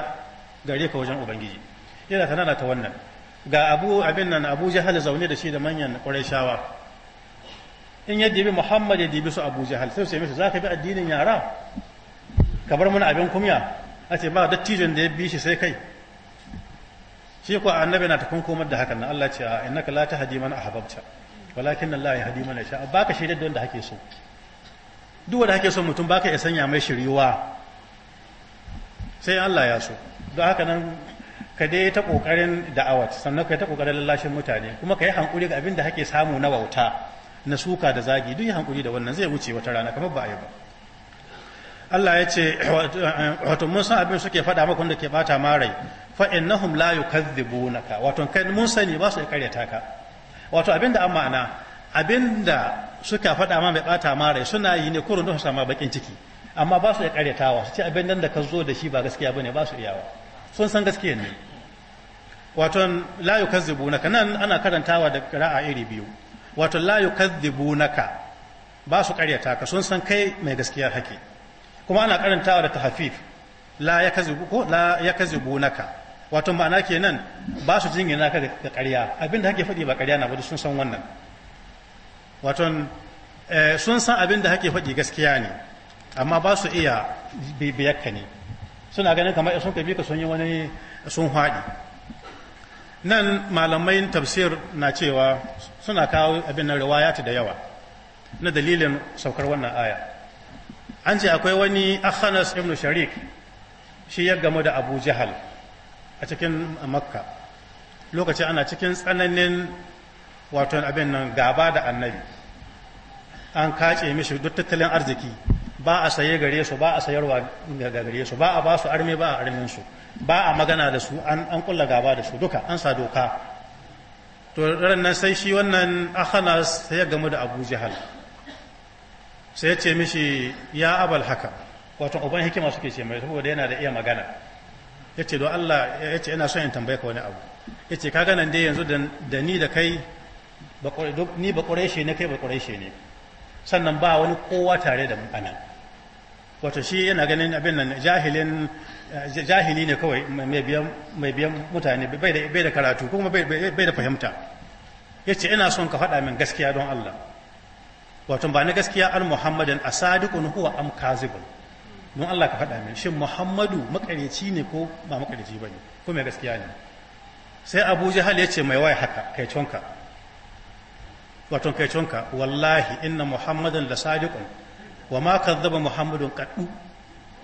gare ka wajen ubangiji yana tana ta wannan ga abu abin nan abu jahal zaune da shi da manyan qurayshawa in ya dibi muhammad ya dibi su abu jahal sai sai za zaka bi addinin yara ka bar mana abin kumya a ce ba dattijon da ya bi shi sai kai shi ko annabi na ta komar da hakan nan Allah ce a innaka la tahdi man ahbabta walakin Allah yahdi man yasha baka shaidar da wanda hake so duk wanda hake so mutum baka ya sanya mai shiriwa sai Allah ya so don haka nan ka dai ta kokarin da'awat sannan ka ta kokarin lallashin mutane kuma ka yi hankuri ga abin da hake samu na wauta na suka da zagi duk yi hankuri da wannan zai wuce wata rana kamar ba a yi ba Allah ya ce wato mun san abin suke faɗa maka wanda ke bata marai. rai fa innahum la yukazzibunaka wato kai mun sani ba su karyata ka wato abinda an ma'ana abinda suka faɗa ma mai ɓata ma rai suna yi ne kurun don su sama bakin ciki amma ba su iya karyatawa su ce abin da ka zo da shi ba gaskiya bane ba su iyawa sun san gaskiya ne wato la yukazzibunaka nan ana karantawa da ra'a iri biyu wato la yukazzibunaka ba su karyata ka sun san kai mai gaskiyar hake kuma ana karantawa da tahfif la yakazzibu ko la naka wato ma'ana kenan ba su jingina ka ga ƙarya abinda hake faɗi ba ƙarya na ba sun san wannan wato eh, sun san abinda hake faɗi gaskiya ne amma ba su iya bibiyarka ne suna ganin kamar sun kabi ka sun yi wani sun haɗi nan malamai tafsir na cewa suna kawo abin nan riwayati da yawa na dalilin saukar wannan aya an ce akwai wani akhanas ibn sharik shi ya gamu da abu jahal a cikin makka lokaci ana cikin tsananin waton abin nan gaba da annabi an kace mishi duk tattalin arziki ba a saye gare su ba a sayarwa gare su ba a ba su arme ba a armin su ba a magana da su an kulla gaba da su duka an sa doka to nan sai shi wannan akhanas sai ya gamu da abu jahal sai ya ce mishi ya abal haka wato uban hikima suke ce mai saboda yana da iya magana ya ce don Allah ya ce ina son yin tambaye ka wani abu ya ce kaga nan dai yanzu da ni da kai ni ba ƙureshe ne kai ba ƙureshe ne sannan ba wani kowa tare da mu anan wato shi yana ganin abin nan eh, jahili ne kawai mai biyan mutane bai da karatu kuma bai da fahimta ya ce ina son ka faɗa min gaskiya don Allah wato ba na gaskiya al muhammadin asadiqun huwa am kazibun don Allah ka faɗa min shin Muhammadu makareci ne ko ba makareci ba ne ko mai gaskiya ne sai Abu Jahal ya ce mai waye haka kai conka wato kai conka wallahi inna Muhammadan la sadiqun wa ma kadzaba Muhammadun qaddu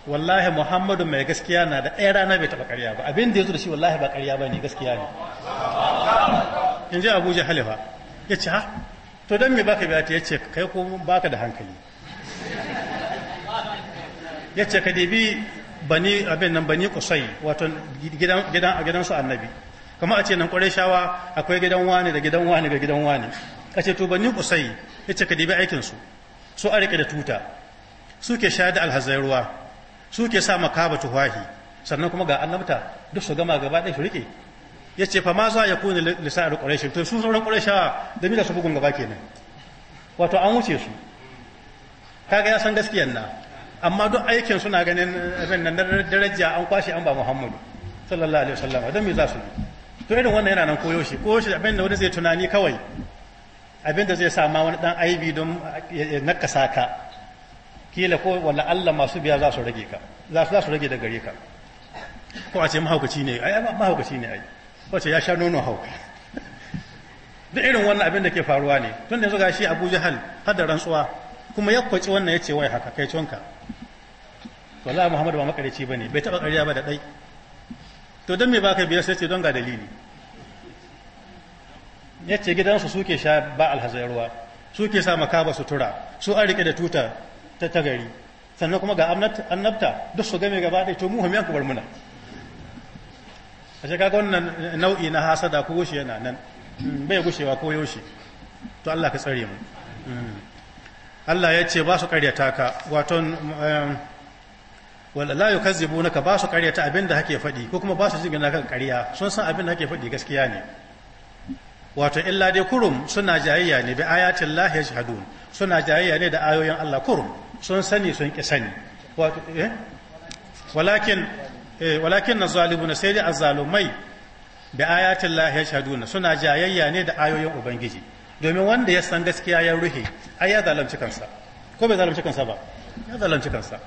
wallahi Muhammadu mai gaskiya na da ɗaya rana bai taɓa ƙarya ba abin da ya zo da shi wallahi ba ƙarya ba ne gaskiya ne in ji Abu Jahal fa ya ce ha to don me baka biya ta ya ce kai ko baka da hankali ya ce ka dibi bani abin nan bani kusai wato gidan su annabi kamar a ce nan ƙwarai shawa akwai gidan wani da gidan wani ga gidan wani a ce to bani kusai ya ce ka dibi aikinsu su a rike da tuta suke ke da alhazai ruwa suke sa makaba tuwahi sannan kuma ga annabta duk su gama gaba ɗaya su riƙe ya ce fa ma za ya kone lisa'ar ƙwarai to su sauran ƙwarai shawa da mila su bugun gaba kenan wato an wuce su kaga ya san gaskiyan na amma duk aikin suna ganin rannan daraja an kwashe an ba muhammadu sallallahu alaihi wasallam don me za su to irin wannan yana nan koyo shi ko shi abin da wani zai tunani kawai abin da zai sama wani dan aibi don ya nakasa ka kila ko wala Allah masu biya za su rage ka za su rage da gare ka ko a ce mahaukaci ne ai mahaukaci ne ai ko ce ya sha nono hauka duk irin wannan abin da ke faruwa ne tun da yanzu gashi Abu Jahal hadda rantsuwa kuma ya kwaci wannan ya ce wai haka kai cionka to Allah Muhammadu ba ba bane bai taba ƙarya ba da dai to don me baka biyar sai ce don ga dalili ya ce gidansu suke sha ba alhazarwa suke sa makaba tura su an rike da tuta ta tagari sannan kuma ga annabta duk su game gaba ɗaya to mu hamiyan bar muna a shi kaga wannan nau'i na hasada ko gushe yana nan bai gushewa ko yaushe to Allah ka tsare mu mm. Allah ya ce ba su karyata ka waton eh, wala la yukazzibunaka ba su ta abin da hake faɗi ko kuma ba su jingina kan karya sun san abin da hake faɗi gaskiya ne wato illa dai kurum suna jayayya ne bi ayatin lahi yashhadun suna jayayya ne da ayoyin Allah kurum sun sani sun ki sani wato eh? walakin eh walakin nazalimuna sai dai azzalumai bi ayatin lahi yashhadun suna jayayya ne da ayoyin ubangiji domin wanda ya san gaskiya ya ruhe ai ya zalunci kansa ko bai zalunci kansa ba ya zalunci kansa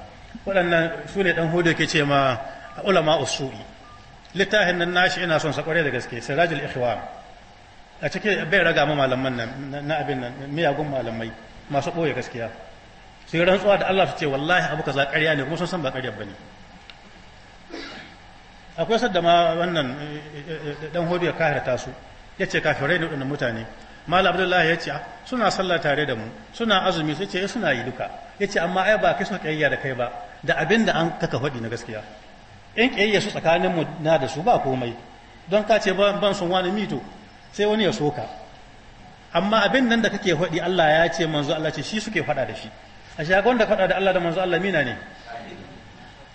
waɗannan su ne ɗan hudu ke ce ma ulama usu'i littafin nan nashi ina son sa kware da gaske sirajul ikhwan a cikin bai raga ma malaman nan na abin nan miyagun malamai masu ɓoye gaskiya Sai rantsuwa da Allah su ce wallahi abu kaza ƙarya ne kuma sun san ba ƙarya bane akwai sadda ma wannan dan eh, eh, eh, hudu ya kahirta su yace kafirai ne waɗannan mutane malam abdullahi ya ce ah, suna sallah tare da mu suna azumi sai ce eh, suna yi duka ya ce amma ai ba kai suka kiyayya da kai ba da abin da an kaka faɗi na gaskiya in kiyayya su tsakanin mu na da su ba komai don ka ce ban sun wani mito sai wani ya soka amma abin nan da kake faɗi Allah ya ce manzo Allah ce shi suke faɗa da shi a shi wanda faɗa da Allah da manzo Allah mina ne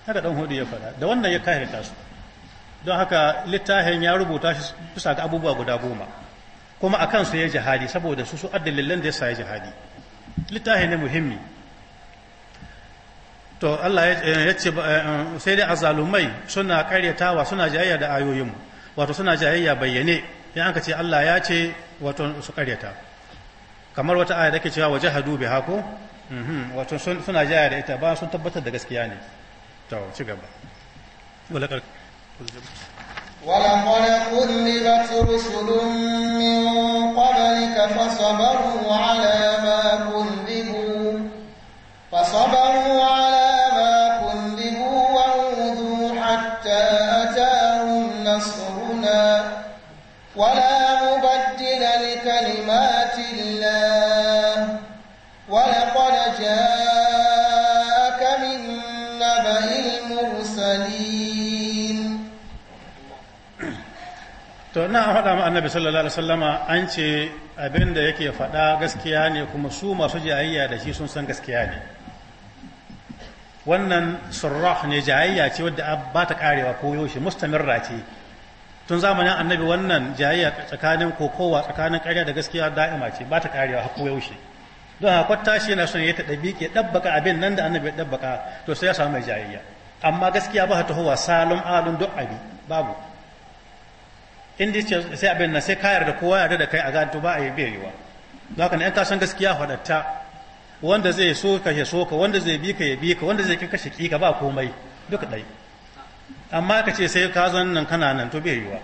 haka dan hudu ya faɗa da wannan ya kahirta su don haka littafin ya rubuta shi bisa ga abubuwa guda goma kuma a kansu ya jihadi saboda su su addalilan da ya sa ya jihadi littafi ne muhimmi to Allah ya eh, ce eh, sai dai azalumai suna karyatawa suna jayayya da ayoyin wato suna jayayya bayyane in an ka ce Allah ya ce wato su karyata kamar wata aya da ke cewa waje hadu bi hako mhm. wato suna jayayya da ita ba sun tabbatar da gaskiya ne to ci gaba ولقد كذبت رسل من قبلك فصبروا على ما to na faɗa ma annabi sallallahu alaihi wasallama an ce abin da yake faɗa gaskiya ne kuma su masu jayayya da shi sun san gaskiya ne wannan surah ne jayayya ce wadda ba ta karewa ko yaushe mustamirra ce tun zamanin annabi wannan jayayya tsakanin kokowa tsakanin karya da gaskiya da'ima ce ba ta karewa ko yaushe don haka tashi yana son ya ta ɗabiƙe ɗabbaka abin nan da annabi ya ɗabbaka to sai ya samu mai jayayya amma gaskiya ba ta tahowa salon alun duk abi babu in dai sai abin nan sai kayar da kowa yarda da kai a gani ba a yi berewa don haka in ka san gaskiya faɗatta wanda zai so ka ya so ka wanda zai bi ka ya bi ka wanda zai kika kashe ka ba komai duka ɗai amma ka ce sai ka zan nan kana nan to bai yiwa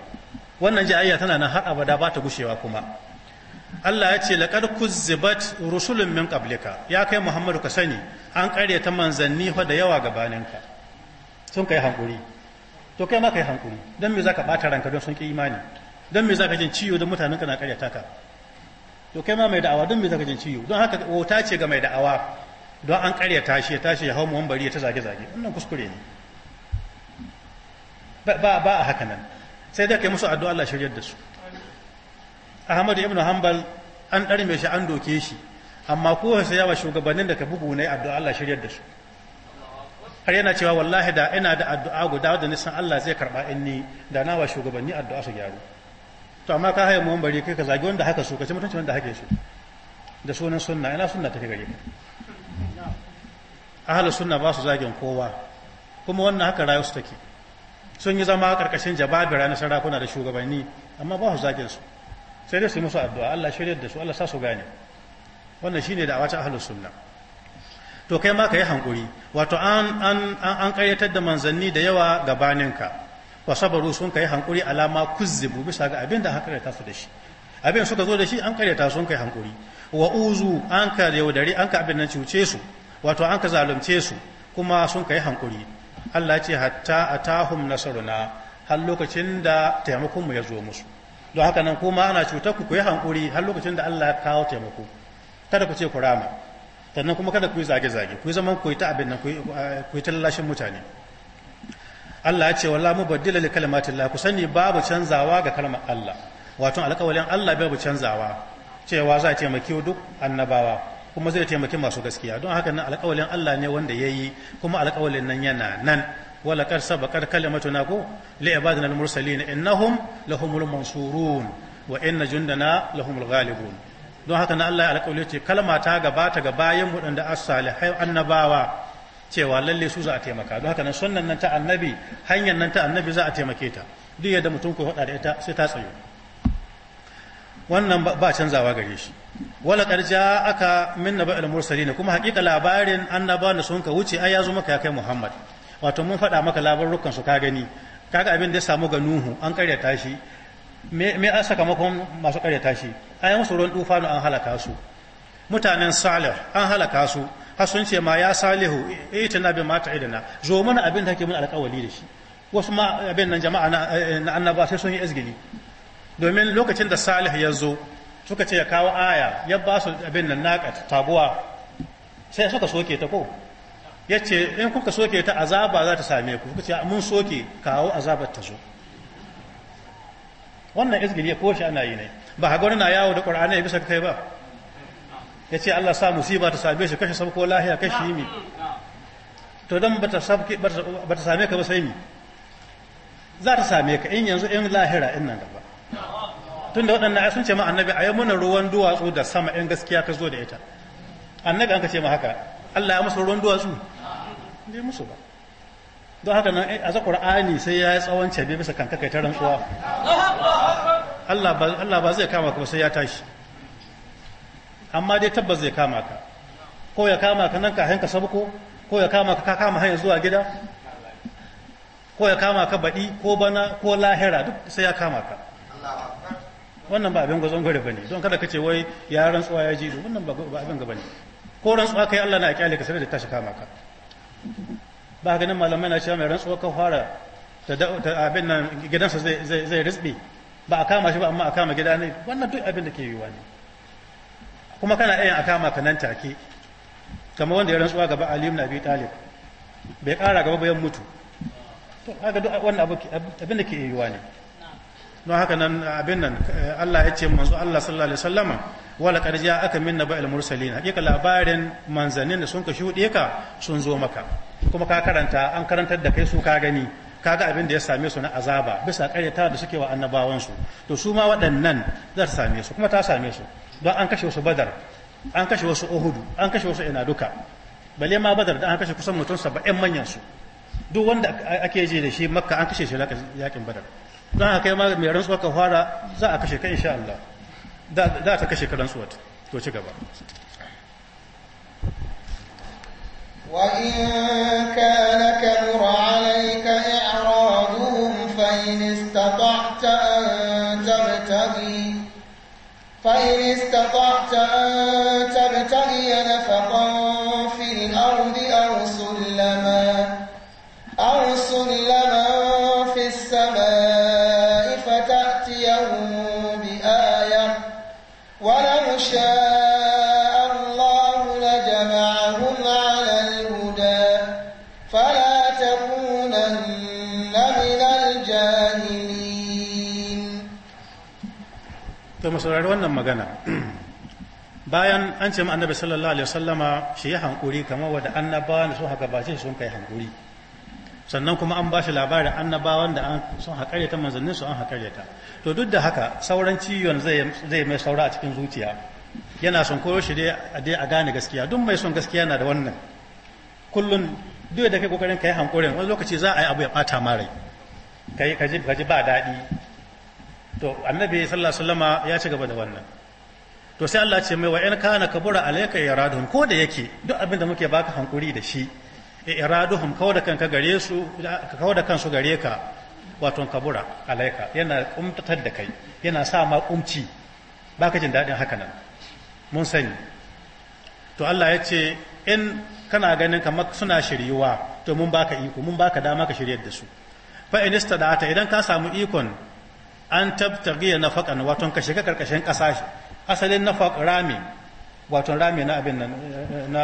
wannan jayayya tana nan har abada ba ta gushewa kuma Allah ya ce laqad kuzzibat rusulun min qablika ya kai Muhammadu ka sani an ta manzanni fa da yawa gabaninka sun kai hankuri to kai ma kai hankuri dan me zaka bata ranka don sun ki imani dan me zaka jin ciwo don mutanen ka na karyata ka to kai ma mai da'awa don me zaka jin ciwo don haka wauta ce ga mai da'awa don an karya tashi ya tashi ya hau bari ya ta zage zage wannan kuskure ne ba ba a haka nan sai da kai musu addu'a Allah shiryar da su Ahmad ibn Hanbal an ɗarme shi an doke shi amma ko sai yawa shugabannin da ka bugu ne addu'a Allah shiryar da su har yana cewa wallahi da ina da addu'a guda da nisan Allah zai karba in ni da nawa shugabanni addu'a su gyaru to amma ka haye muwan bari kai ka zagi wanda haka su ka ci mutunci wanda haka su, da sunan sunna ina sunna take gare ka ahlus sunna ba su zagin kowa kuma wannan haka rayu su take sun yi zama karkashin jababira na sarakuna da shugabanni amma ba su zagin su sai dai su yi musu addu'a Allah shirya da su Allah sa su gane wannan shine da awata ahlus sunna to kai ma ka yi hankuri wato an an da manzanni da yawa gabaninka wa sabaru sun kai hankuri alama kuzzubu bisa ga abin da aka ƙaryata su da shi abin suka zo da shi an ƙaryata sun kai hankuri wa uzu an ka yaudari an ka abin nan cuce su wato an ka zalunce su kuma sun kai hankuri Allah ce hatta a atahum nasaruna har lokacin da taimakon ya zo musu don haka nan kuma ana cutar ku ku yi hankuri har lokacin da Allah ya kawo taimako kada ku ce ku rama sannan kuma kada ku yi zage-zage ku yi zaman ku yi ta abin nan ku yi ta mutane Allah ya ce wala mu baddila li kalimatin Allah ku sani babu canzawa ga kalmar Allah wato alƙawalin Allah babu canzawa cewa za a taimaki duk annabawa kuma zai taimaki masu gaskiya don haka nan alƙawalin Allah ne wanda ya yi kuma alƙawalin nan yana nan wala kar sabaqat na ku li ibadina al-mursalin innahum lahumul mansurun wa inna jundana lahumul ghalibun don haka na Allah ya alƙawli ce kalma ta gabata ga bayan waɗanda asali salihai annabawa cewa lalle su za a taimaka don haka nan sunnan nan ta annabi hanyar nan ta annabi za a taimake ta duk yadda mutum ko faɗa da ita sai ta tsayo wannan ba canzawa gare shi wala karja aka min mursali mursalin kuma hakika labarin annaba da sun ka wuce ai ya zo maka ya kai Muhammad wato mun faɗa maka labarukan su ka gani kaga abin da ya samu ga Nuhu an karyata shi me an sakamakon masu karyata shi an yi musu ruwan tufanu an halaka su mutanen salih an halaka su har sun ce ma ya salihu eh, ita na bin mata idana zo mana abin da hake mun alkawali da shi wasu ma abin nan jama'a eh, na annaba sai sun yi izgili domin lokacin da salih ya zo suka ce ya kawo aya ya ba su abin nan naƙat taguwa sai suka soke ta ko ya ce in kuka soke ta azaba za ta same ku kuka ce mun soke kawo azabar ta zo wannan izgiri ko shi ana yi ne ba hagwar na yawo da qur'ani ya bisa kai ba ya ce Allah sa musiba ta same shi kashe sabko lahiya kashe mi to don ba ta same ka ba sai mi za ta same ka in yanzu in lahira in nan gaba tun da waɗannan ya sun ce ma annabi a yi mana ruwan duwatsu da sama in gaskiya ka zo da ita annabi an ka ce ma haka Allah ya musu ruwan duwatsu bai musu ba don haka nan eh, a za ƙur'ani sai ya yi tsawon cebe bisa kankakai kakai ta rantsuwa Allah ba zai kama ka ba sai ya tashi amma dai tabbas zai kama ka ko ya kama ka nan ka ka sabko ko ya kama ka kama hanyar zuwa gida ko ya kama ka baɗi ko bana ko lahira duk sai ya kama ka wannan ba abin gwazon gwari bane don kada ka ce wai ya rantsuwa ya ji wannan ba abin gaba ne ko rantsuwa kai Allah na kyale ka sai da tashi kama ka ba ganin malamai na cewa mai rantsuwa ka fara ta abin nan gidansa zai zai ba a kama shi ba amma a kama gida ne wannan duk abin da ke yiwuwa ne kuma kana iya a kama ka nan take kamar wanda ya rantsuwa gaba aliyu na biyu talib bai kara gaba bayan mutu to kaga duk wannan abin da ke yiwuwa ne don haka nan abin nan Allah ya ce manzo Allah sallallahu alaihi wasallama wala qad ja'aka min naba'il mursalin hakika labarin manzanin da sun ka shuɗe ka sun zo maka kuma ka karanta an karantar da kai su ka gani kaga abin da ya same su na azaba bisa karyata da suke wa su to su ma waɗannan za ta same su kuma ta same su don an kashe wasu badar an kashe wasu ohudu an kashe wasu ina duka bale ma badar da an kashe kusan mutum saba'in manyan su duk wanda ake je da shi makka an kashe shi yakin badar don haka kai ma mai rantsuwa ka fara za a kashe ka insha Allah za ta kashe ka rantsuwa to ci gaba وإن كان كبر عليك إعراضهم فإن استطعت أن تبتغي فإن استطعت أن تبتغي نفقاً mu saurari wannan magana bayan an ce annabi sallallahu alaihi wasallama shi yi hankuri kamar wanda annabawan sun haka ba sun kai hankuri sannan kuma an ba shi labarin annabawan da sun haƙare ta manzannin su an haƙare ta to duk da haka sauran ciwon zai mai saura a cikin zuciya yana son koyo shi dai a gane gaskiya duk mai son gaskiya na da wannan kullum duk da kai kokarin kai hankurin wani lokaci za a yi abu ya bata ma rai ka ji ba daɗi to annabi sallallahu alaihi wasallama ya ci gaba da wannan to sai Allah ce mai wa in kana kabura alayka iraduhum ko da yake duk abin da muke baka hankuri da shi iraduhum kawo da kanka gare su kawo da kansu gare ka wato kabura alayka yana kumtatar da kai yana sa ma kumci baka jin dadin haka nan mun sani to Allah ya ce in kana ganin kamar suna shiryuwa to mun baka iko mun baka dama ka shiryar da su fa da ta idan ka samu ikon an tabtaghiya nafaqan wato ka shiga karkashin ƙasa asalin nafaq rami wato rami na abin nan na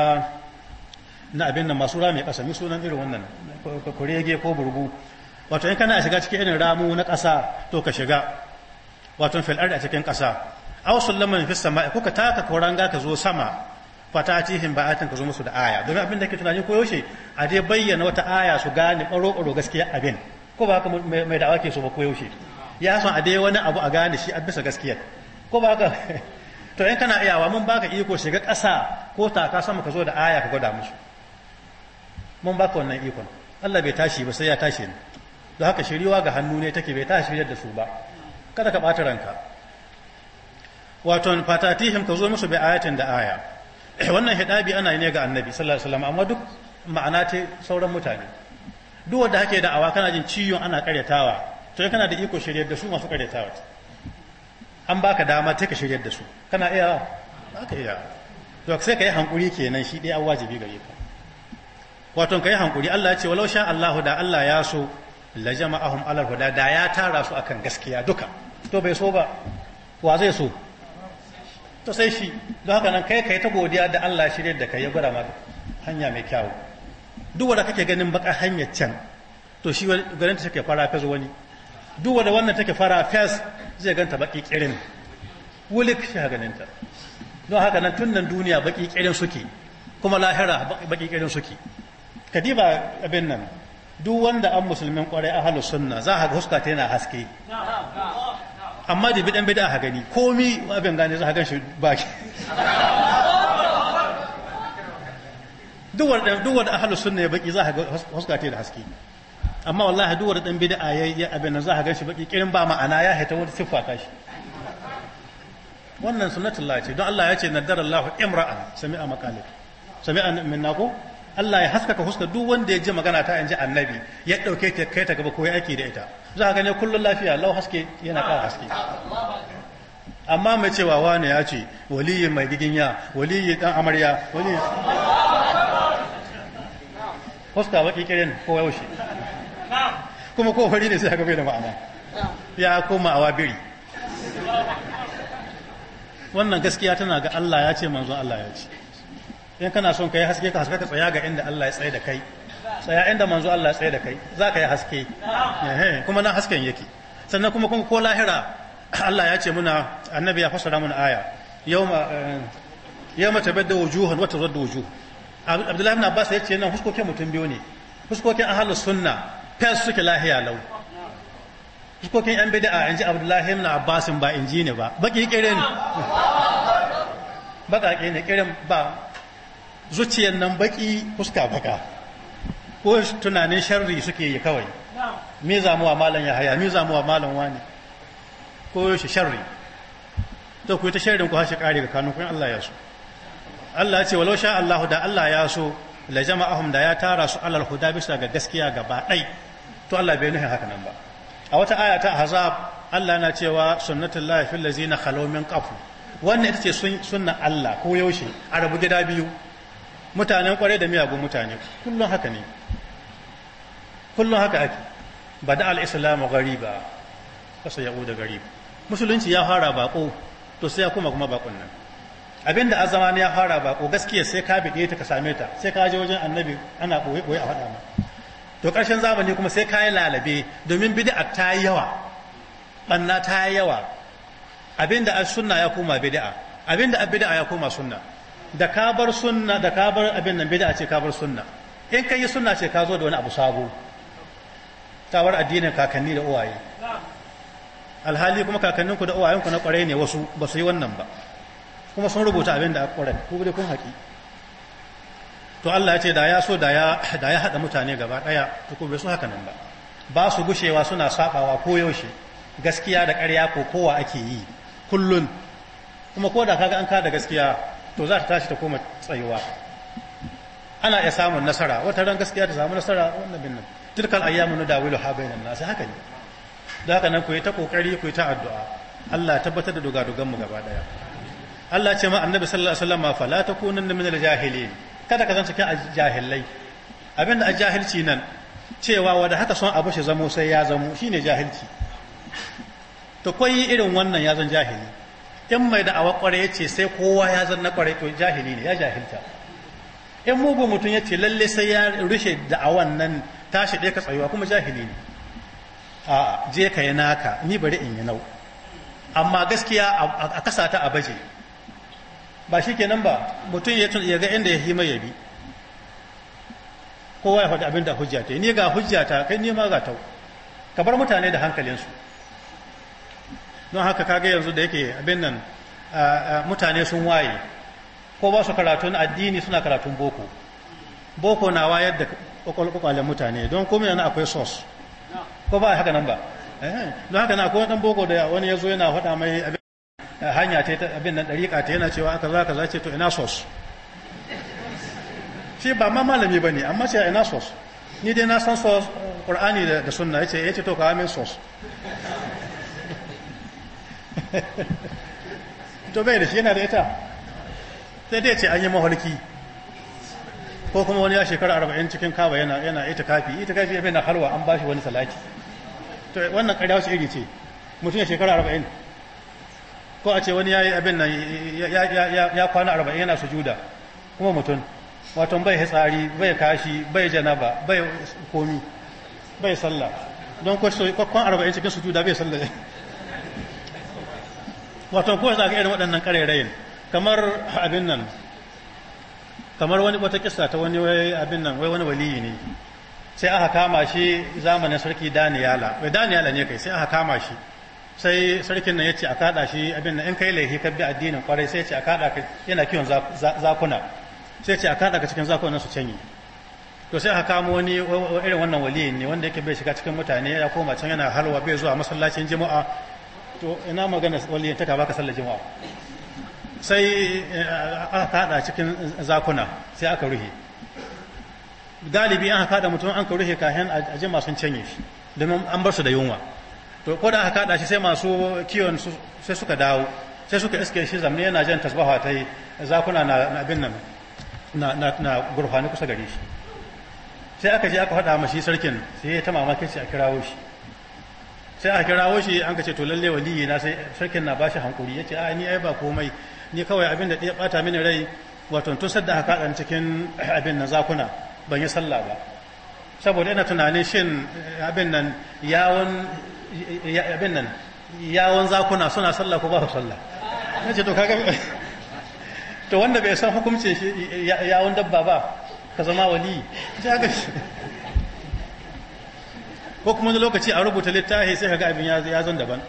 na abin nan masu rami ƙasa mi sunan irin wannan kurege ko burgu wato in kana shiga cikin irin ramu na ƙasa to ka shiga wato fil da a cikin ƙasa aw sullaman fis sama'i kuka taka koranga ka zo sama fatatihim ba'atin ka zo musu da aya domin abin da ke tunani ko yaushe a dai bayyana wata aya su gane ɓaro ɓaro gaskiya abin ko ba haka mai da'awa ke so ba ko yaushe ya son a dai wani abu a gane shi a bisa gaskiya ko ba ka to in kana iyawa mun baka iko shiga ƙasa ko taka sama ka zo da aya ka gwada musu mun baka wannan ikon Allah bai tashi ba sai ya tashi ne don haka shiriwa ga hannu ne take bai tashi yadda da su ba kada ka ɓata ranka wato fatatihim ka zo musu bai ayatin da aya wannan hidabi ana ne ga annabi sallallahu alaihi wasallam amma duk ma'ana ta sauran mutane duk wanda da awa kana jin ciyon ana karyatawa to kana da iko shiryar da su masu karyatawa an baka dama ta ka shiryar da su kana iya ba ka iya to sai ka yi hankuri kenan shi ɗaya wajibi gare ka wato ka yi hankuri Allah ya ce walau sha Allahu da Allah ya so la jama'ahum huda da ya tara su akan gaskiya duka to bai so ba wa zai so to sai shi don haka nan kai kai ta godiya da Allah shiryar da kai ya gwada maka hanya mai kyau duk wanda kake ganin baka hanyar can to shi garin ta take fara zo wani duk wanda wannan take fara fes zai ganta baki kirin wulik shi ganinta don haka nan tun nan duniya baki kirin suke kuma lahira baki kirin suke kadiba abin nan duk wanda an musulmin kwarai ahalu sunna za a ga huska ta yana haske amma da bidan bidan ha gani komi abin gane za a gan shi ba duk wanda ahalu sunna ya baki za a ga huska ta yana haske amma wallahi duwar dan bid'a yayi abin nan za ka shi baki kirin ba ma'ana ya haita wata siffa ta shi wannan sunnatullah ce don Allah ya ce naddara Allahu imra'an sami'a maqalat sami'a minna ko Allah ya haskaka huska duk wanda ya ji magana ta inji annabi ya ɗauke ta kai ta gaba ko ya aiki da ita za ka gane kullum lafiya lau haske yana ƙara haske amma mai cewa wani ya ce waliyin mai giginya waliyin dan amarya waliyin huska baki kirin ko yaushe kuma ko fari ne sai aka bai da ma'ana ya koma awa biri wannan gaskiya tana ga Allah ya ce manzon Allah ya ce yan kana son ka yi haske ka haska ka tsaya ga inda Allah ya tsaye da kai tsaya inda manzo Allah ya tsaye da kai za ka yi haske kuma na hasken yake sannan kuma kuma ko lahira Allah ya ce muna annabi ya fassara mun aya yawma eh, yawma tabadda wujuhan wa tazaddu wujuh Abdullahi ibn Abbas ya ce nan huskokin mutum biyu ne huskokin ahlus sunna fes suke lahiya lau jikokin yan bida'a in ji abdullahi na abbasin ba in ji ne ba baki kire ne bakake ne kirin ba zuciyar nan baki fuska baka ko tunanin sharri suke yi kawai me zamuwa malam ya haya me zamuwa malam wani ko shi sharri to ku ta sharrin ku hashe kare ga kanu kun Allah ya so Allah ya ce walau sha Allah da Allah ya so la jama'ahum da ya tara su alal huda bisa ga gaskiya gaba ɗaya to Allah bai nuhin haka nan ba a wata aya ta ahzab Allah na cewa sunnatul lahi fil ladzina khalaw min qabl wannan ita ce sunna Allah ko yaushe a rabu gida biyu mutanen kware da miyagun mutane kullum haka ne kullum haka ake bada al-islam ghariba kasa yauda gharib musulunci ya fara bako to sai kuma kuma bakon nan abin da azama ne ya fara bako gaskiya sai ka bide ta ka same ta sai ka je wajen annabi ana boye boye a faɗa ma to ƙarshen zamani kuma sai kayan lalabe domin bid'a ta yi yawa ɓanna ta yi yawa abinda a sunna ya koma bid'a abinda a bid'a ya koma sunna da ka bar sunna da ka bar abin nan bid'a ce ka bar sunna in ka yi sunna ce ka zo da wani abu sabo tawar addinin kakanni da uwaye alhali kuma kakanninku da uwayenku na kwarai ne wasu ba su yi wannan ba kuma sun rubuta abin da a kwarai ku kun haƙi to Allah ya ce da ya so da ya da hada mutane gaba daya to ko bai so haka nan ba ba su gushewa suna sabawa ko yaushe gaskiya da ƙarya ko kowa ake yi kullun kuma ko da kaga an kada gaskiya to za ta tashi ta koma tsayuwa ana iya samun nasara wata ran gaskiya ta samu nasara wannan bin nan tilkal ayyamu nadawilu ha bainan nas haka ne da haka nan ku yi ta kokari ku yi ta addu'a Allah tabbatar da dogadogan mu gaba daya Allah ce ma annabi sallallahu alaihi wasallam fa la takunanna al jahilin kada ka zan cikin jahilai abin da a jahilci nan cewa wanda haka son abu shi zamo sai ya zamo shine jahilci to kwai irin wannan ya zan jahili in mai da awa kware ya ce sai kowa ya zan na kware to jahili ne ya jahilta in mugun mutum ya ce lalle sai ya rushe da awan nan tashi ɗaya ka tsayuwa kuma jahili ne a je ka yi naka ni bari in yi nau amma gaskiya a kasa ta a baje ba shi kenan ba mutum ya ga inda ya hima ya bi kowa ya faɗi abinda hujja ta ni ga hujja ta kai ni ma ga tau ka bar mutane da hankalinsu don haka kaga yanzu da yake abin nan mutane sun waye ko ba su karatun addini suna karatun boko boko na wayar da kwakwalen mutane don komai yana akwai sos ko ba haka nan ba eh, don haka na akwai wani boko da wani ya zo yana faɗa mai hanya ta abin nan ɗariƙa ta yana cewa aka kaza ce to ina sos shi ba ma malami ba ne amma ce ina sos ni dai na san sos ƙur'ani da sunna ya ce ya ce to ka amin sos to bai da shi yana da ita sai dai ce an yi maholki. ko kuma wani ya shekara arba'in cikin kaba yana yana ita kafi ita kafi ya na halwa an ba shi wani salaki to wannan ƙarya wace iri ce mutum ya shekara arba'in ko a ce wani ya yi abin nan ya kwana arba'in yana sujuda kuma mutum wato bai hitsari bai kashi bai janaba bai komi bai sallah don kwakwan arba'in cikin sujuda bai sallah wato ko za ka irin waɗannan ƙarairayin kamar abin nan kamar wani wata kisa ta wani abin nan wai wani waliyi ne sai aka kama shi zamanin sarki daniyala wai daniyala ne kai sai aka kama shi sai sarkin nan ya ce a kaɗa shi abin nan in kai laifi ka bi addinin kwarai sai ya ce a kaɗa ka yana kiwon zakuna sai ya ce a kaɗa ka cikin zakuna su canyi to sai aka kamo wani irin wannan waliyin ne wanda yake bai shiga cikin mutane ya koma can yana halwa bai zuwa masallacin jima'a to ina magana waliyin ta baka sallar jima'a sai eh, aka kaɗa cikin zakuna sai aka ruhe galibi an kaɗa mutum an ka ruhe kahin a jima sun canye shi domin an bar su da yunwa to ko da aka kada shi sai masu kiwon sai suka dawo sai suka iske shi zamani yana jan tasbaha ta yi zakuna na abin nan na gurfani kusa gare shi sai aka je aka faɗa mashi sarkin sai ya ta mamakin shi a kirawo shi sai a kirawo shi an kace ce to lalle waliyi na sai sarkin na bashi hankuri ya ce a ni ai ba komai ni kawai abin da ya bata mini rai wato tun sadda aka kada cikin abin nan zakuna ban yi sallah ba saboda ina tunanin shin eh, abin nan yawon abin nan yawon zakuna suna sallah ko ba su sallah na ce to kaga to wanda bai san hukumce yawon dabba ba ka zama wali ko kuma wani lokaci a rubuta littafi sai ka ga abin ya zan daban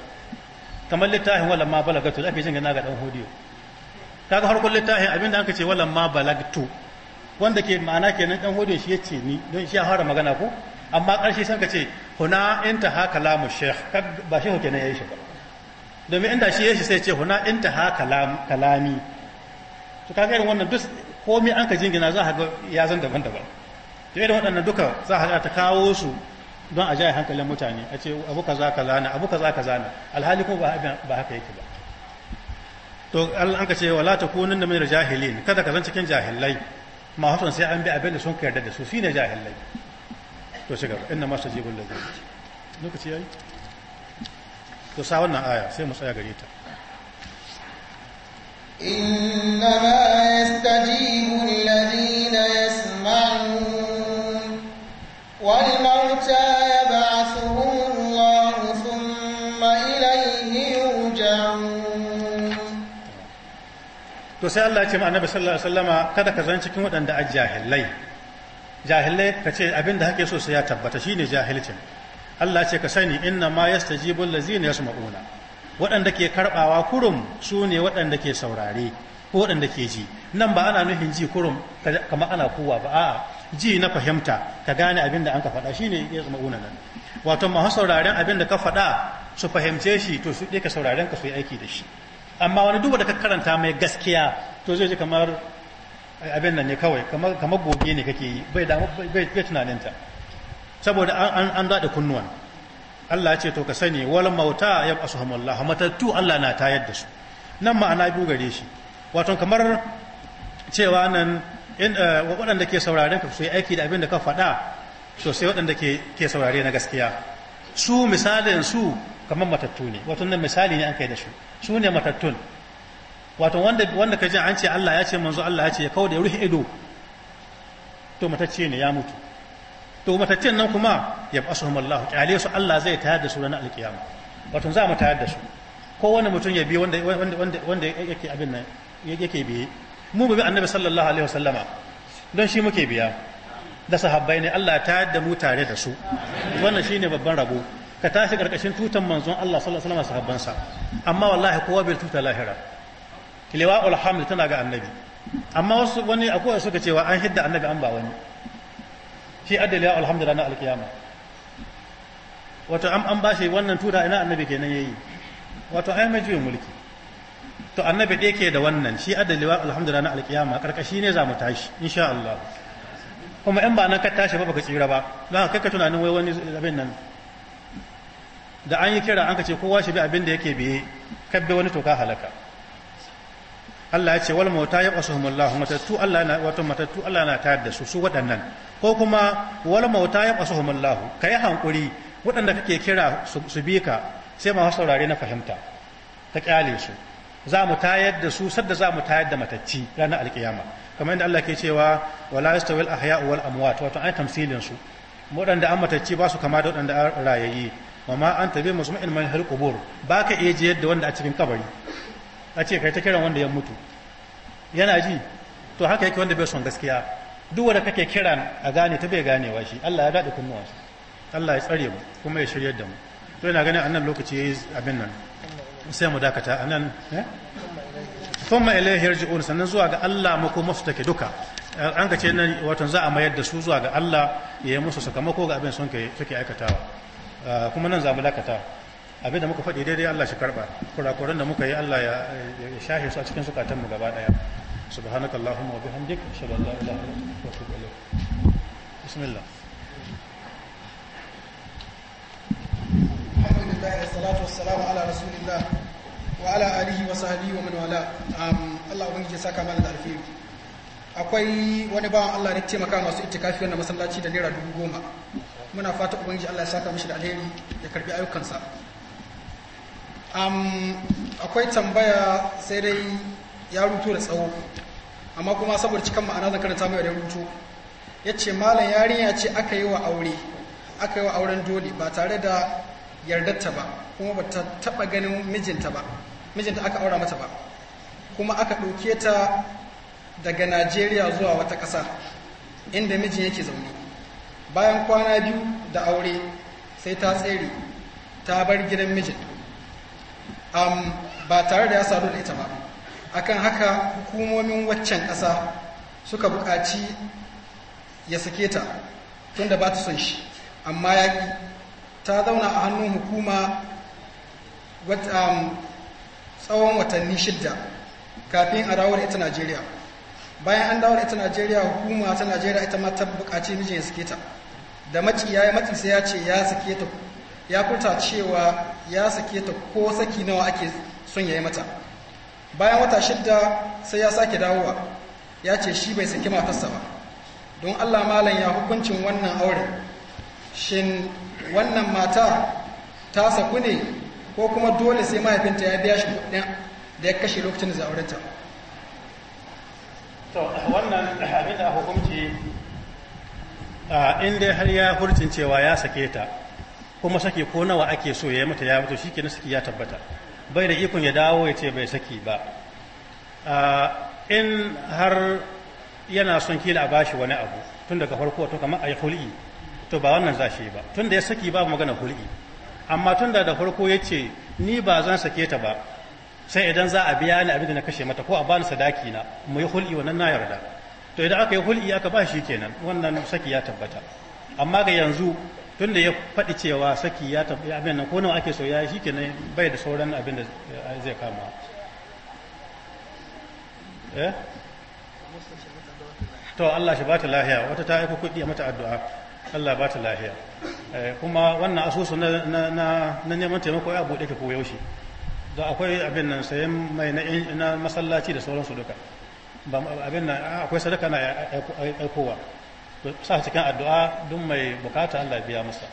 kamar littafin wala ma balagatu da ake jin gana ga dan hodiyo kaga harkar littafin abin da aka ce wala ma balagtu wanda ke ma'ana kenan dan hodiyo shi ya ce ni don shi ya fara magana ko amma ƙarshe sun ka ce huna inta ha kalamu shek ba shehu kenan ya yi shi ba domin inda shi ya shi sai ce huna inta ha kalami to ga irin wannan duk komai an ka jingina za a ga ya zan daban-daban to irin waɗannan duka za a ta kawo su don a jaye hankalin mutane a ce abu kaza ka zana abu za ka zana alhali kuma ba haka yake ba to Allah an ka ce wala takunun da jahilin kada ka zan cikin jahilai ma hasan sai an bi abin da sun yarda da su shine jahilai to shiga inna ma tajibu lillahi lokaci yayi to sa wannan aya sai mu tsaya gare ta inna ma yastajibu alladhina yasma'un wal mauta yab'athuhum Allah thumma ilayhi yurja'un to sai Allah ya ce ma annabi sallallahu alaihi wasallama kada ka zan cikin waɗanda ajjahilai jahilai ka ce abin da hake so sai ya tabbata shine jahilcin Allah ce ka sani inna ma ya su yasma'una waɗanda ke karɓawa kurum su ne waɗanda ke saurare ko waɗanda ke ji nan ba ana nufin ji kurum kamar ana kowa ba a'a ji na fahimta ka gane abin da an ka faɗa shine ma'una nan wato masu sauraren abin da ka faɗa su fahimce shi to su ɗe ka sauraren ka su yi aiki da shi amma wani duba da ka karanta mai gaskiya to zai ji kamar abin nan ne kawai kamar goge ne kake yi bai damu bai tunaninta saboda an daɗe kunnuwan Allah ce to ka sani wal mauta ya asuhamullah matattu Allah na tayar da su nan ma'ana biyu gare shi wato kamar cewa nan eh, waɗanda ke sauraren ka su yi aiki da abin da ka faɗa sosai waɗanda ke saurare na gaskiya su misalin su kamar matattu ne wato nan misali ne an kai da su su ne matattun wato wanda wanda kaje an ce Allah ya ce manzo Allah ya ce ya kawo da ruhi ido to matacce ne ya mutu to mataccen nan kuma ya basuhum Allah kyale su Allah zai tayar da su ranar alkiyama wato za mu tayar da su Ko kowane mutum ya bi wanda wanda wanda yake abin nan yake biye mu bi annabi sallallahu alaihi wasallama don shi muke biya da sahabbai ne Allah tayar da mu tare da su wannan shine babban rabo ka tashi karkashin tutan manzon Allah sallallahu alaihi wasallam sahabbansa amma wallahi kowa bai tuta lahira liwa'ul ulhamil tana ga annabi amma wasu wani akwai suka cewa an hidda annabi an ba wani shi adda liwa'ul hamd na alkiyama wato an an bashi wannan tura ina annabi kenan yayi wato ai mai juyin mulki to annabi ɗaya ke da wannan shi adda liwa'ul hamd na alkiyama karkashi ne za mu tashi insha Allah kuma in ba nan ka tashi ba baka tsira ba don haka kai ka tunanin wai wani abin nan da an yi kira an ka ce kowa shi bi abin da yake biye kabbe wani to ka halaka Allah ya ce wal mauta ya qasuhumullah matattu Allah na wato matattu Allah na tayar da su su waɗannan ko kuma wal mauta ya ka yi hankuri waɗanda kake kira su bi ka sai ma saurare na fahimta ka kyale su za mu tayar da su sadda za mu tayar da matacci ranar alkiyama kamar yadda Allah ke cewa wala yastawil ahya'u wal amwat wato an tamsilin su waɗanda an matacci ba su kama da waɗanda an rayayi ma an tabi musmin man hal kubur ba ka iya jiyar da wanda a cikin kabari a ce kai ta kiran wanda ya mutu yana ji to haka yake wanda bai son gaskiya duk wanda kake kira a gane ta bai ganewa shi Allah ya dade kunnuwa shi Allah ya tsare mu kuma ya shiryar da mu to ina ganin annan lokaci yayi abin nan sai mu dakata annan eh thumma ilayhi yarji'un sannan zuwa ga Allah mako masu take duka an ka ce nan wato za a mayar da su zuwa ga Allah ya yi musu sakamako ga abin son ke suke aikatawa ah, kuma nan za mu dakata abin da muka faɗi daidai Allah shi karɓa kurakuran da muka yi Allah ya shahe su a cikin sukatanmu gaba ɗaya subhanakallahumma wa bihamdik ashhadu an wa sallam. bismillah alhamdulillah wassalatu wassalamu ala rasulillah wa ala alihi wa sahbihi wa man wala um, Allah ubangiji ya saka mana da alheri akwai wani bawan Allah da ya taimaka masu itikafi wannan masallaci da naira dubu goma muna fata ubangiji Allah ya saka mishi da alheri ya karbi ayyukansa akwai tambaya sai dai ya rubuto da tsawo amma kuma saboda cikin ma'ana zan karanta mai da rubuto ya ce malam yarinya ce aka yi wa aure aka yi wa auren dole ba tare da yardarta ba kuma ba ta taɓa ganin mijinta ba mijinta aka aura mata ba kuma aka ɗauke ta daga najeriya zuwa wata ƙasa inda mijin yake zaune bayan kwana biyu da aure sai ta tsere ta bar gidan mijin ba tare da ya sadu da ita ba akan haka hukumomin waccan kasa suka buƙaci ya sake ta da ba ta son shi amma ya ta zauna a hannun hukuma tsawon watanni shidda kafin a dawo da ita najeriya bayan an dawo da ita najeriya hukuma ta najeriya ita ma ta buƙaci mijin ya sake ta da maciya ya maci sai ya ce ya sake ta ya furta cewa ya sake ta ko saki nawa ake son ya yi mata bayan wata shidda sai ya sake dawowa ya ce shi bai saki matarsa ba don allah malam ya hukuncin wannan aure shin wannan mata ta saku ne ko kuma dole sai mahaifinta ya biya shi kudin da ya kashe lokacin da zaurenta to wannan abin da hukunci in dai har ya hurcin cewa ya sake ta kuma saki ko nawa ake so ya yi mata ya mutu na saki ya tabbata bai da ikon ya dawo ya ce bai saki ba in har yana son kila a bashi wani abu tun daga farko to kamar a yi hul'i to ba wannan za shi ba tun da ya saki babu magana hul'i amma tun da da farko ya ce ni ba zan sake ta ba sai idan za a biya ni abin da na kashe mata ko a bani sadaki na mu yi hul'i wannan na yarda to idan aka yi hul'i aka ba shi kenan wannan saki ya tabbata amma ga yanzu tun da ya faɗi cewa saki ya tafi abin nan ko nawa ake so ya shi kenan bai da sauran abin da zai kama eh to Allah shi ba ta lahiya wata ta aiko kuɗi a mata addu'a Allah ba ta lahiya eh, kuma wannan asusu na na neman taimako ya buɗe ta koyaushe da akwai abin nan sayan mai na masallaci da sauransu duka abin nan akwai sadaka na aikowa sa cikin addu'a duk mai bukata Allah biya masa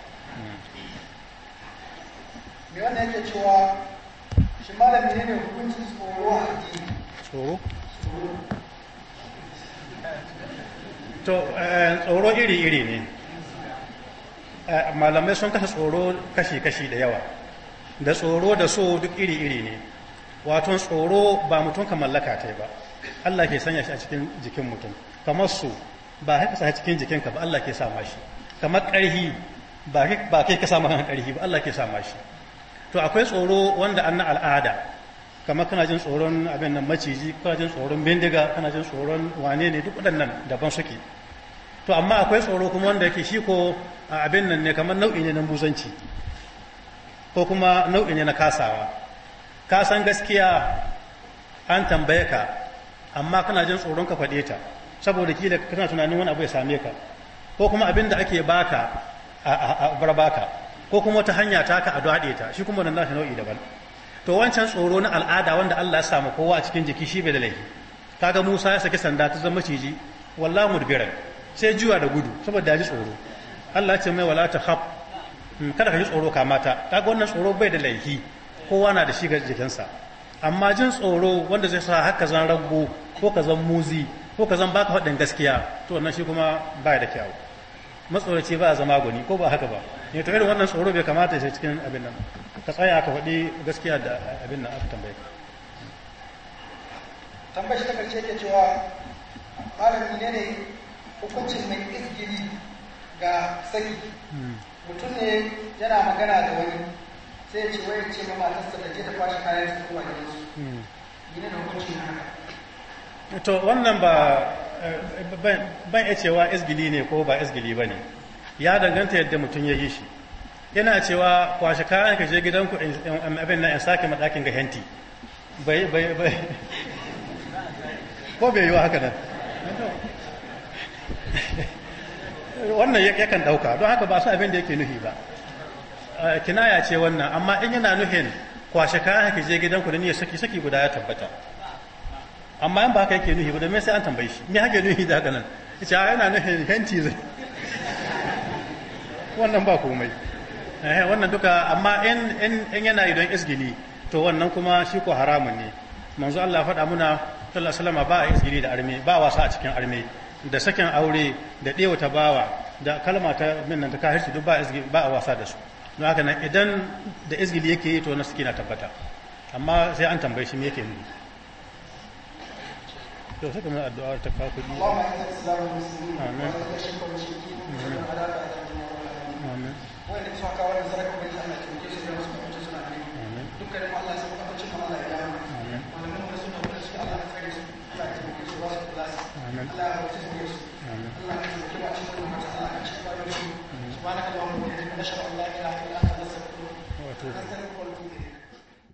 me wannan yake cewa shi malami ne ne hukuncin tsoro a tsoro tsoro eh, iri iri ne eh, malamai sun kasa tsoro kashi kashi da yawa da tsoro da so duk iri iri ne wato tsoro ba mutum ka mallaka ta ba Allah ke sanya shi a cikin jikin mutum kamar su ba ka sa cikin jikinka ba Allah ke sama shi kamar ƙarhi ba kai ka sama kan ƙarhi ba Allah ke sama shi to akwai tsoro wanda an na al'ada kamar kana jin tsoron abin nan maciji kana jin tsoron bindiga kana jin tsoron wane ne duk waɗannan daban suke to amma akwai tsoro kuma wanda yake shi ko abin nan ne kamar nau'i ne na buzanci ko kuma nau'i ne na kasawa ka san gaskiya an tambaye ka amma kana jin tsoron ka faɗe ta saboda kila kana tunanin wani abu ya same ka ko kuma abin da ake baka a bar baka ko kuma wata hanya ta ka a daɗe ta shi kuma nan nashi nau'i daban to wancan tsoro na al'ada wanda Allah ya samu kowa a cikin jiki shi bai da laifi kaga Musa ya saki sanda ta zama ciji wallahi mudbiran sai juya da gudu saboda ya ji tsoro Allah ya ce mai wala ta khaf hmm, kada ka ji tsoro ka Ta kaga wannan tsoro bai da laifi kowa na da shi ga jikinsa amma jin tsoro wanda zai sa haka zan rago ko ka zan muzi ko ka zan baka faɗin gaskiya to wannan shi kuma ba da kyau matsoraci ba a zama gwani ko ba haka ba ne eh, to irin wannan tsoro bai kamata ya cikin abin nan ka tsaya ka faɗi gaskiya da abin nan aka tambaye ka tambashi ta karshe ke cewa malami ne ne hukuncin mai izgiri ga saki hmm. mutum ne yana magana da wani sai ya ce wai ce ma matarsa da ke ta kwashe kayan su da yansu gina hmm. da hukuncin haka to wannan ba eh, ban ya cewa izgili ne ko ba izgili ba ne ya danganta yadda mutum ya yi shi yana cewa kwashe kayan ka je gidanku abin na in sake madakin ga henti bai bai bai ko bai yi wa haka nan wannan yakan ɗauka don haka ba su abin da yake nufi ba eh, kinaya ce wannan amma in yana nuhin kwashe kayan ka je gidanku da niyyar saki saki guda ya tabbata amma in ba haka yake nuhi ba da me sai an tambaye shi me hake nuhi da haka nan yace a yana nuhin henti zai wannan ba komai eh wannan duka amma in in yana idan isgini to wannan kuma shi ko haramun ne manzo Allah faɗa muna sallallahu alaihi ba a da arme ba wasa a cikin arme da sakin aure da ɗewa ta bawa da kalma ta minnan ta kahirci duk ba ba a wasa da su don haka nan idan da isgili yake yi to na suke na tabbata amma sai an tambaye shi me yake nuni to sai kuma addu'a ta kawo kuɗi